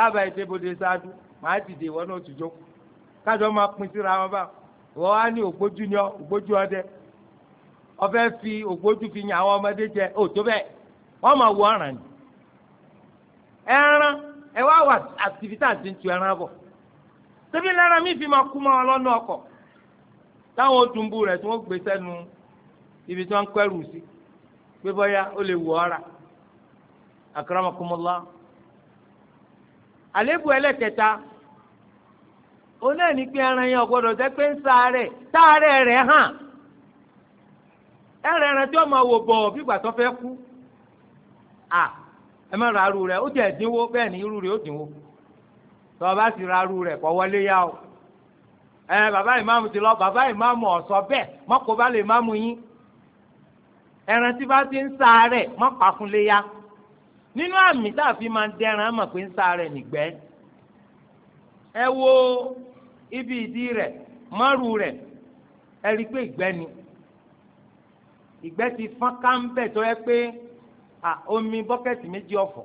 tábà ètè bòde ṣáájú màá dìde ìwọ náà tù kájọ máa pin síra wọn bá wọn á ní ògbójú ọ ògbójú ọdẹ ọfẹ fi ògbójú fi yàn àwọn ọmọdé jẹ ò tó wọn máa wọ ọ̀ràn ni ẹran ẹ wá wà àtìfítà ti ń tu ẹran bọ mi fi máa kú ọkọ̀ táwọn rẹ̀ tí ibi tí wọ́n ń sí pé bọ́yá ó lè ọ́ àlébù ẹlẹ́kẹta òun náà ní pé ẹran yẹn ọ̀gbọ́dọ̀ jẹ́ pé ń sáré sáré rẹ̀ hàn ẹran ẹran tí wọ́n wò bọ̀ fìgbà tó kú à ẹ má ra aru rẹ̀ ó dínwó bẹ́ẹ̀ ni irú rẹ̀ ó dínwó o bá sì ra aru rẹ̀ kọ́ wọlé yá bàbá ìmáàmù ti bàbá ìmáàmù ọ̀sọ́ bẹ́ẹ̀ mọ́kò bá lè máàmù yín ẹran tí bá ti nínú àmì tá a fi máa dẹran àmọ̀ pé ń sa nìgbẹ́ ẹ wo ibi ìdí rẹ̀ mọ́rù rẹ̀ ẹ rí i pé ìgbẹ́ ni ìgbẹ́ ti fọ́n káńbẹ̀ tó yẹ pé omi bọ́kẹ́tì méjì ọ̀fọ̀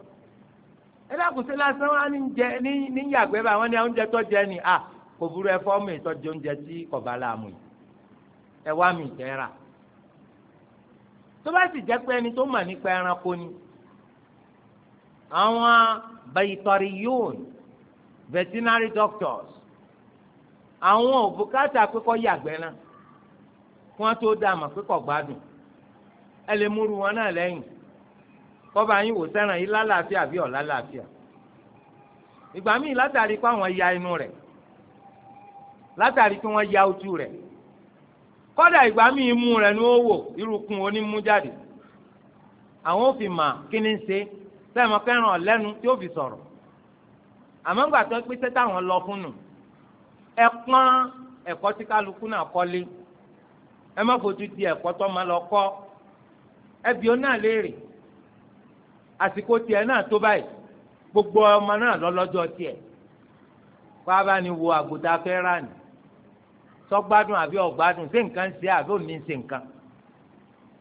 ẹ dákun sí lásán wá ní jẹ ní ní yàgbẹ́ bá wọn ní oúnjẹ tó jẹ ni kò burú ẹ fọ́ọ̀mù ìtọ́jú oúnjẹ tí kò yìí ẹ wá mi ìjẹ́ rà tó bá sì jẹ́ pé ni. àwọn baitariyun veterinary doctors àwọn òbúkátà pẹ́kọ́ yàgbẹ́ náà kí wọ́n tó dá àmọ̀ pẹ́kọ̀ gbádùn ẹ lè múru wọn náà lẹ́yìn kọ́ba yín wò sẹ́ràn yín lálàáfíà bí ọ̀ lálàáfíà ìgbà míì látàrí pé àwọn ya inú rẹ̀ látàrí pé wọ́n ya ojú rẹ̀ kọ́dà ìgbà míì mú rẹ̀ ní ó wò onímú jáde àwọn ò mà kí ni ń ṣe sẹ́ẹ̀mọ́ fẹ́ràn ọ̀lẹ́nu tí ó fi sọ̀rọ̀ àmọ́ ńgbà tó pé sẹ́tà wọn lọ fún nù ẹ̀kọ́ tí kálukú náà kọ́lé ẹ má fojú di ẹ̀kọ́ tó lọ kọ́ ẹbí náà léèrè àsìkò gbogbo ọmọ náà lọ́lọ́jọ́ tiẹ̀ ni wo sọgbádùn àbí ọgbádùn ṣé nǹkan ṣe àbí òní ṣe nǹkan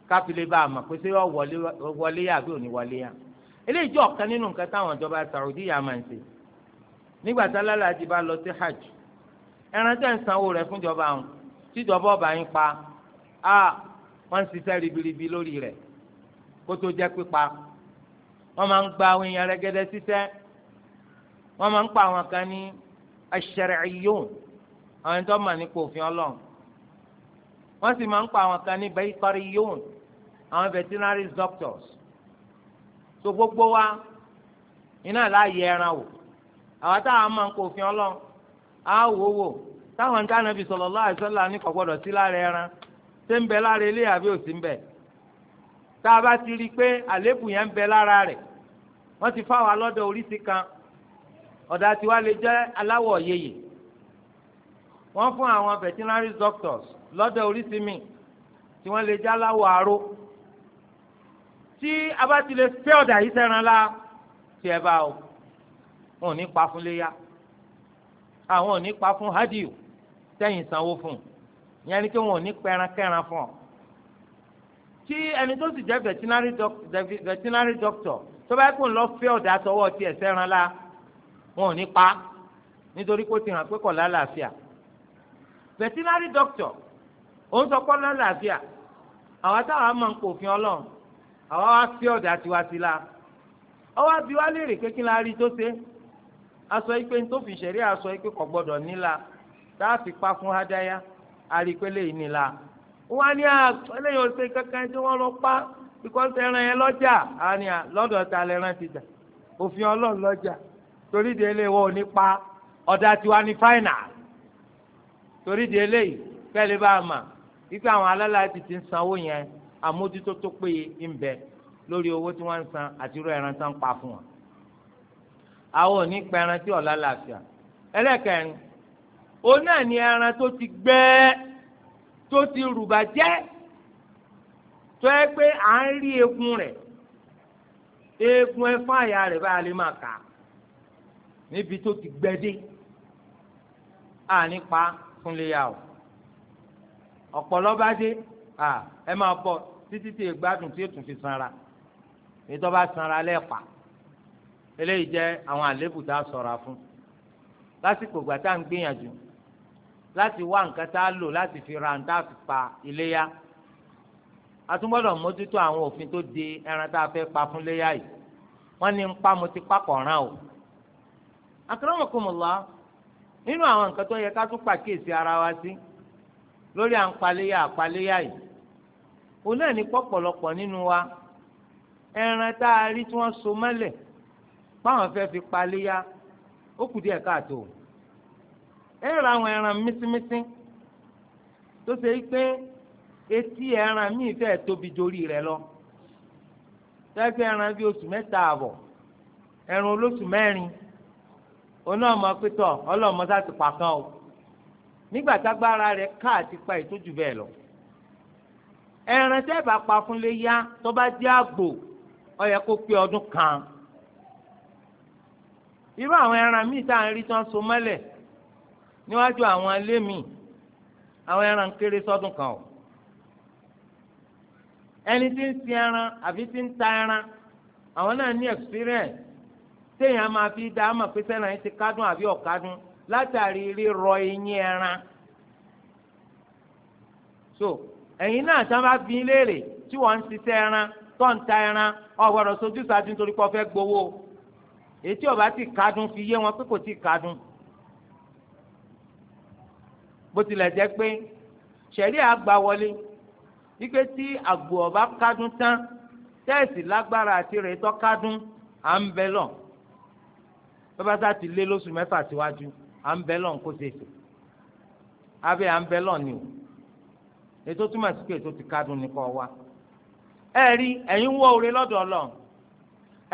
káfílẹ̀ bá a mọ̀ pé eléyìí jẹ́ ọ̀kan nínú nǹkan táwọn ìjọba Saudi yà máa ń ṣe nígbà tá lálàájì bá lọ sí hajj ẹran tẹ́ ń sanwó rẹ̀ fúnjọba àwọn tíjọba ọba yín pa á wọ́n ń ṣiṣẹ́ ribiribi lórí rẹ̀ kó tó jẹ́ pípa wọ́n máa ń gba àwọn èèyàn rẹ́gẹ́dẹ́ ṣiṣẹ́ wọ́n máa ń pa àwọn kan ní aṣ-ṣar'iyyun àwọn ẹni tó mọ̀ nípa òfin ọlọ́run wọ́n sì máa ń pa àwọn kan ní baitariyyun àwọn veterinary doctors so gbogbo wa iná láàyè ẹran wò àwọn táwọn máa ń kó òfin ọlọ́run á wò wò táwọn ń dáná bí sallallahu alaihi wasallam ní kò gbọdọ̀ sí lára ẹran ṣé ń bẹ lára ilé àbí òsì ń bẹ tá a bá ti rí i pé àléébù yẹn ń bẹ lára rẹ̀ wọ́n ti fáwọn alọ́dọ̀ oríṣi kan ọ̀dà tiwa lè jẹ́ aláwọ̀ yeye wọ́n fún àwọn veterinary doctors lọ́dọ̀ oríṣi mi tí wọ́n lè jẹ́ aláwọ̀ aró tí a bá ti lè fẹ́ ọ̀dà yìí sẹ́ran la tí ẹ bá o wọn ò ní pa fún léyà àwọn ò ní pa fún hádìó tẹ́yìn sanwó fún ìyẹn ni pé wọn ò ní pẹran kẹran fún ọ tí ẹni tó sì jẹ́ veterinary doctor tó bá kó ń lọ fẹ́ ọ̀dà tọwọ́ tiẹ̀ sẹ́ran la wọn ò ní pa nítorí pé ó ti hàn pé kò lálàáfíà veterinary doctor òun sọ pé ó lálàáfíà àwọn táwọn máa ń pòfin ọlọ́run àwọn wá fi ọ̀dà tiwa sí la ọwọ́ àbí wá léèrè pé kí n la rí tó ṣe aṣọ ipe tó fi ṣẹ̀rí aṣọ ipe kò gbọ́dọ̀ níla tá a fi pa fún hádáyà àrípélé yìí níla wọ́n ní kankan tí lọ pa ẹran yẹn lọ́jà lọ́dọ̀ ta lẹ́ran ti dà òfin ọlọ́run lọ́jà torí de ilé wọn ò ní pa ọ̀dà tiwa ní fáìnà torí de ilé yìí kẹ́lẹ́ bá a mà wípé àwọn alálàájì ti ń sanwó yẹn àmójútó tó péye ń bẹ lórí owó tí wọ́n ń san àti irú ẹran tán pa fún wọn. àwọn ò pa ẹran tí ọ̀la làásìá ẹlẹ́kẹ̀rin òun náà ni ẹran tó ti gbẹ́ tó ti rùbà jẹ́ tó yẹ pé à ń rí eegun rẹ̀ eegun ẹfọ́ àyà rẹ̀ báyà lè máa kà níbi tó ti gbẹ́ dé àní pa fúnlẹ̀ yà o ọ̀pọ̀lọ́ bá dé ẹ máa bọ̀ títí tí ìgbádùn tí ètò fi sanra ètò bá sanra lẹ́ẹ̀pa eléyìí jẹ́ àwọn àléébù tá a sọ̀ra fún lásìkò ìgbà tá à ń gbìyànjú láti wá nǹkan tá a lò láti fi ra nǹkan tá a fi pa iléyà a tún gbọ́dọ̀ mójútó àwọn òfin tó de ẹran tá a fẹ́ pa fún iléyà yìí wọ́n ní ń pa mo ti papọ̀ ràn o akramakumullah nínú àwọn nǹkan tó yẹ ká tún pàkíyèsí ara wa sí lórí à ń paléyà àpaléyà yìí òun náà ní pọ̀pọ̀lọpọ̀ nínú wa ẹran tá a rí tí wọ́n so mọ́lẹ̀ báwọn fẹ́ fi paléyà ó kù díẹ̀ káàtó ẹ ra àwọn ẹran mísímísí tó ṣe pé etí ẹran míì fẹ́ tóbi jorí rẹ̀ lọ tẹ́gbẹ́ ẹran bíi oṣù mẹ́ta àbọ̀ ẹran olóṣù mẹ́rin oná ọmọ pétọ ọlọmọ sá ti pa o nígbà tágbára rẹ̀ ká àti pa ètò jù bẹ́ẹ̀ lọ ẹran tẹ́ bá pa fún lè yá tó bá jẹ́ àgbò ó yẹ kó pé ọdún kan irú àwọn ẹran míì tá à ń rí tán so mọ́lẹ̀ níwájú àwọn ilé míì àwọn ẹran kéré sọ́dún kan o ẹni tí ń sin ẹran àfi tí ń ta ẹran àwọn náà ní experience téèyàn máa fi dá àmọ̀ pé sẹ́nà yín ti kádùn àbí ọ̀kádùn látàrí rírọ eyín ẹran so ẹ̀yin náà tí wọ́n bá fi léèrè tí wọ́n ń ṣiṣẹ́ ẹran tó ń ta ẹran ọ̀gbọ̀dọ̀ sojú sáájú nítorí pé ọ̀fẹ́ gbowó ètí ọba ti kádùn fi yé wọn pé kò ti kádùn bó tilẹ̀ jẹ́ pé ṣẹ̀rí àgbà wọlé wípé tí àgbò ọba kádùn tán tẹ́ẹ̀sì lágbára àti rẹ̀ tọ́ kádùn à ń bẹ lọ bàbá sá ti lé lóṣù mẹ́fà síwájú à ń bẹ lọ kó ṣe é ṣe abẹ́ à ń bẹ lọ ni o ètò túmọ̀ sí pé ètò ti kádùn ní kọ́ wa ẹ rí ẹ̀yin wọ oore lọ́dọ̀ Ọlọ́run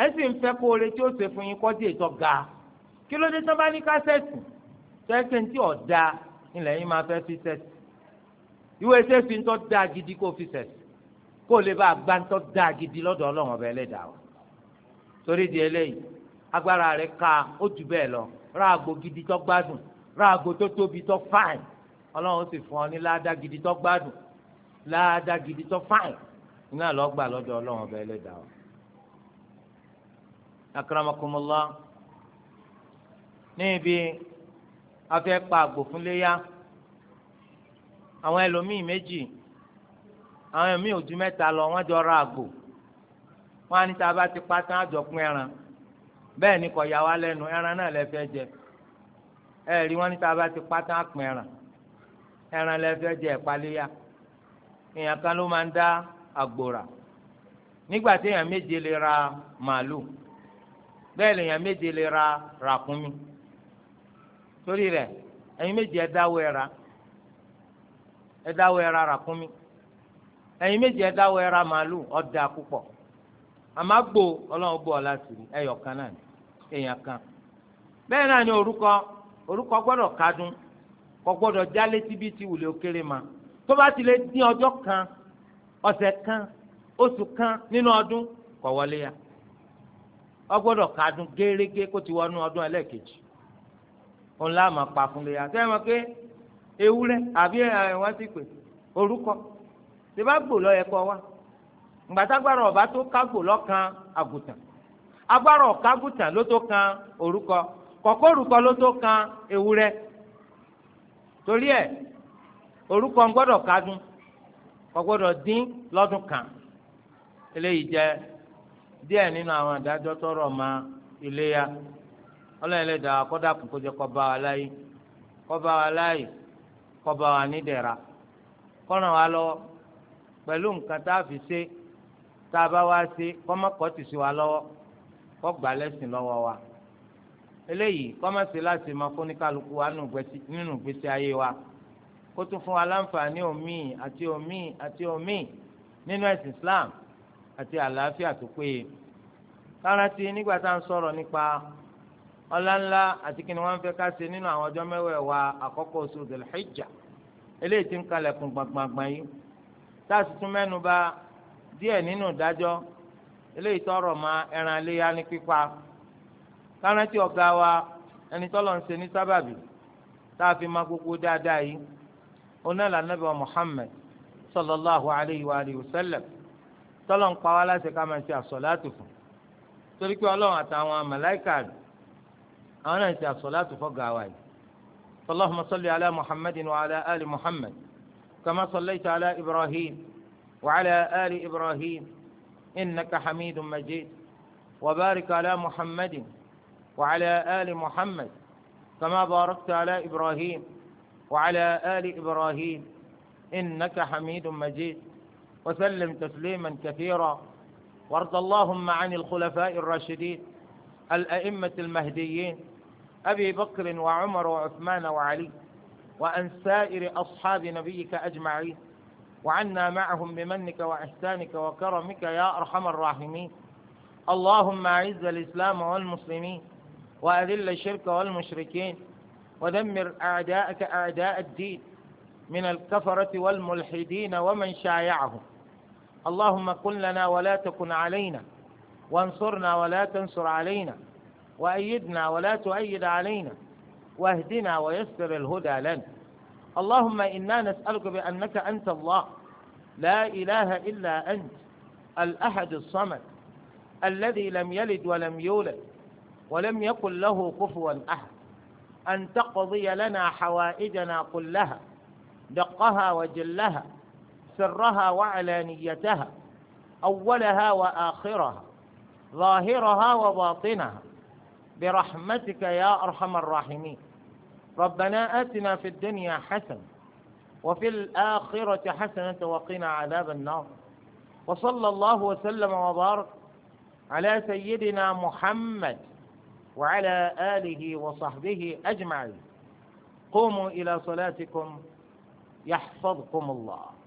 ẹ sì ń fẹ́ kó oore tí ó ṣe fún yín kọ́ dé ètò ga kí ló dé tán bá ní kásẹ̀tì tẹ́sán tí ọ̀dà ilẹ̀ yín máa fẹ́ fi sẹ̀tì ìwé sẹ́sì ń tọ́ da gidi kó fi sẹ̀tì kó lè bá gbá ń tọ́ da gidi lọ́dọ̀ Ọlọ́run ọ̀bẹ ẹlẹ́dàá wa torí di eléyìí agbára rẹ̀ ka ó jù bẹ́ẹ̀ lọ ra àgbo gidi tó gbádùn ra tó tóbi tó fáìn ọlọ́run sì fún ọ ní láàdá gidi tó gbádùn láàdá gidi tó fáìn iná lọ́gbà lọ́dọ̀ ọlọ́run ọba ẹlẹ́dàá wa. akramakumullah níbi ibi afẹ́ pa àgbò fún léyà àwọn ẹlòmíì méjì àwọn ẹlòmíì ojú mẹ́ta lọ wọ́n jọ ra àgbò wọ́n á ní tá a bá ti pa tán pín ẹran bẹ́ẹ̀ ni kò yà wá lẹ́nu ẹran náà lẹ jẹ ẹ wọ́n ní tá a bá ti pa àpín ẹran ẹran lẹ́fẹ́ jẹ ìpaléyà èèyàn kan ló máa ń dá àgbòrà nígbà tí èèyàn méje lè ra màálù bẹ́ẹ̀ lèèyàn méje lè ra ràkúnmí torí rẹ̀ ẹ̀yin méje ẹ dáwọ́ ẹ ra ẹ ẹ̀yin méje màálù ọ̀dà púpọ̀ àmọ́ ọlọ́run kan náà èèyàn kan bẹ́ẹ̀ náà ni kò gbọdọ já létí bíi ti wùlé òkèrè ma tó bá ti lè dín ọjọ́ kan ọsẹ kan oṣù kan nínú ọdún kò wọlé ya ó gbọ́dọ̀ kàdún gérégé kó ti wọnú ọdún ẹlẹ́ẹ̀kejì òun láà máa pa fún léya sẹ́yìn mọ̀ pé ewúrẹ́ àbí ẹ̀wọ̀n ti pè orúkọ tí bá gbò lọ yẹ kó wá gbàtàgbàrà ọba tó kágbò lọ́kàn àgùntàn agbára ọ̀kágùntàn ló tó kan orúkọ kọ̀kọ́ orúkọ ló tó kan ewúrẹ́ torí ẹ̀ orúkọ ń gbọ́dọ̀ kádùn dín lọ́dún kan eléyìí jẹ́ díẹ̀ nínú àwọn àdájọ́ tọrọ ma iléyà ọlọ́run kọ́dà kò kó bá wa láyé kó bá wa láyé bá wa nídẹ̀ra pẹ̀lú nǹkan tá a fi ṣe tá wa lọ́wọ́ lọ́wọ́ eléyìí kọ́mọ̀sí láti máa fún oníkálukú wa nínú gbèsè ayé wa kó tún fún wa láǹfààní omi àti omi àti omi nínú ẹ̀sìn Islam àti àlàáfíà tó péye káràtì nígbà tá à ń sọ̀rọ̀ nípa ọláńlá àti kí ni wọ́n fẹ́ ká ṣe nínú àwọn ọjọ́ mẹ́wẹ̀ẹ̀wá àkọ́kọ́ oṣù Dhul-Hijjah eléyìí ti ń kalẹ̀kùn gbàngbàngbàn yìí tá a sì tún mẹ́nu bà díẹ̀ nínú ìdájọ́ eléyìí tọrọ ma ẹran iléyà ní pípa kárántì ọ̀gá wa ẹni tọ́lọ̀ ń ṣe ní sábàbí tá a fi máa gbogbo dáadáa yìí onáàlà nàbẹ wa Muhammad sallallahu alayhi wa alihi wa sallam tọ́lọ̀ ń pa wá láti ká máa ṣe àsọ̀láàtù fún torí pé ọlọ́run àtàwọn màláìkà rẹ̀ àwọn náà ń ṣe àsọ̀láàtù fọ́gà wa yìí allahumma salli ala muhammadin wa ala ali muhammad kama sallaita ala ibrahim wa ali ibrahim innaka hamidun majid wa barik ala muhammadin. وعلى آل محمد كما باركت على إبراهيم وعلى آل إبراهيم إنك حميد مجيد وسلم تسليما كثيرا وارض اللهم عن الخلفاء الراشدين الأئمة المهديين أبي بكر وعمر وعثمان وعلي وأن سائر أصحاب نبيك أجمعين وعنا معهم بمنك وإحسانك وكرمك يا أرحم الراحمين اللهم أعز الإسلام والمسلمين وأذل الشرك والمشركين ودمر أعداءك أعداء الدين من الكفرة والملحدين ومن شايعهم اللهم كن لنا ولا تكن علينا وانصرنا ولا تنصر علينا وأيدنا ولا تؤيد علينا واهدنا ويسر الهدى لنا اللهم إنا نسألك بأنك أنت الله لا إله إلا أنت الأحد الصمد الذي لم يلد ولم يولد ولم يكن له كفوا أحد أن تقضي لنا حوائجنا كلها دقها وجلها سرها وعلانيتها أولها وآخرها ظاهرها وباطنها برحمتك يا أرحم الراحمين ربنا آتنا في الدنيا حسنة وفي الآخرة حسنة وقنا عذاب النار وصلى الله وسلم وبارك على سيدنا محمد وعلى آله وصحبه أجمعين قوموا إلى صلاتكم يحفظكم الله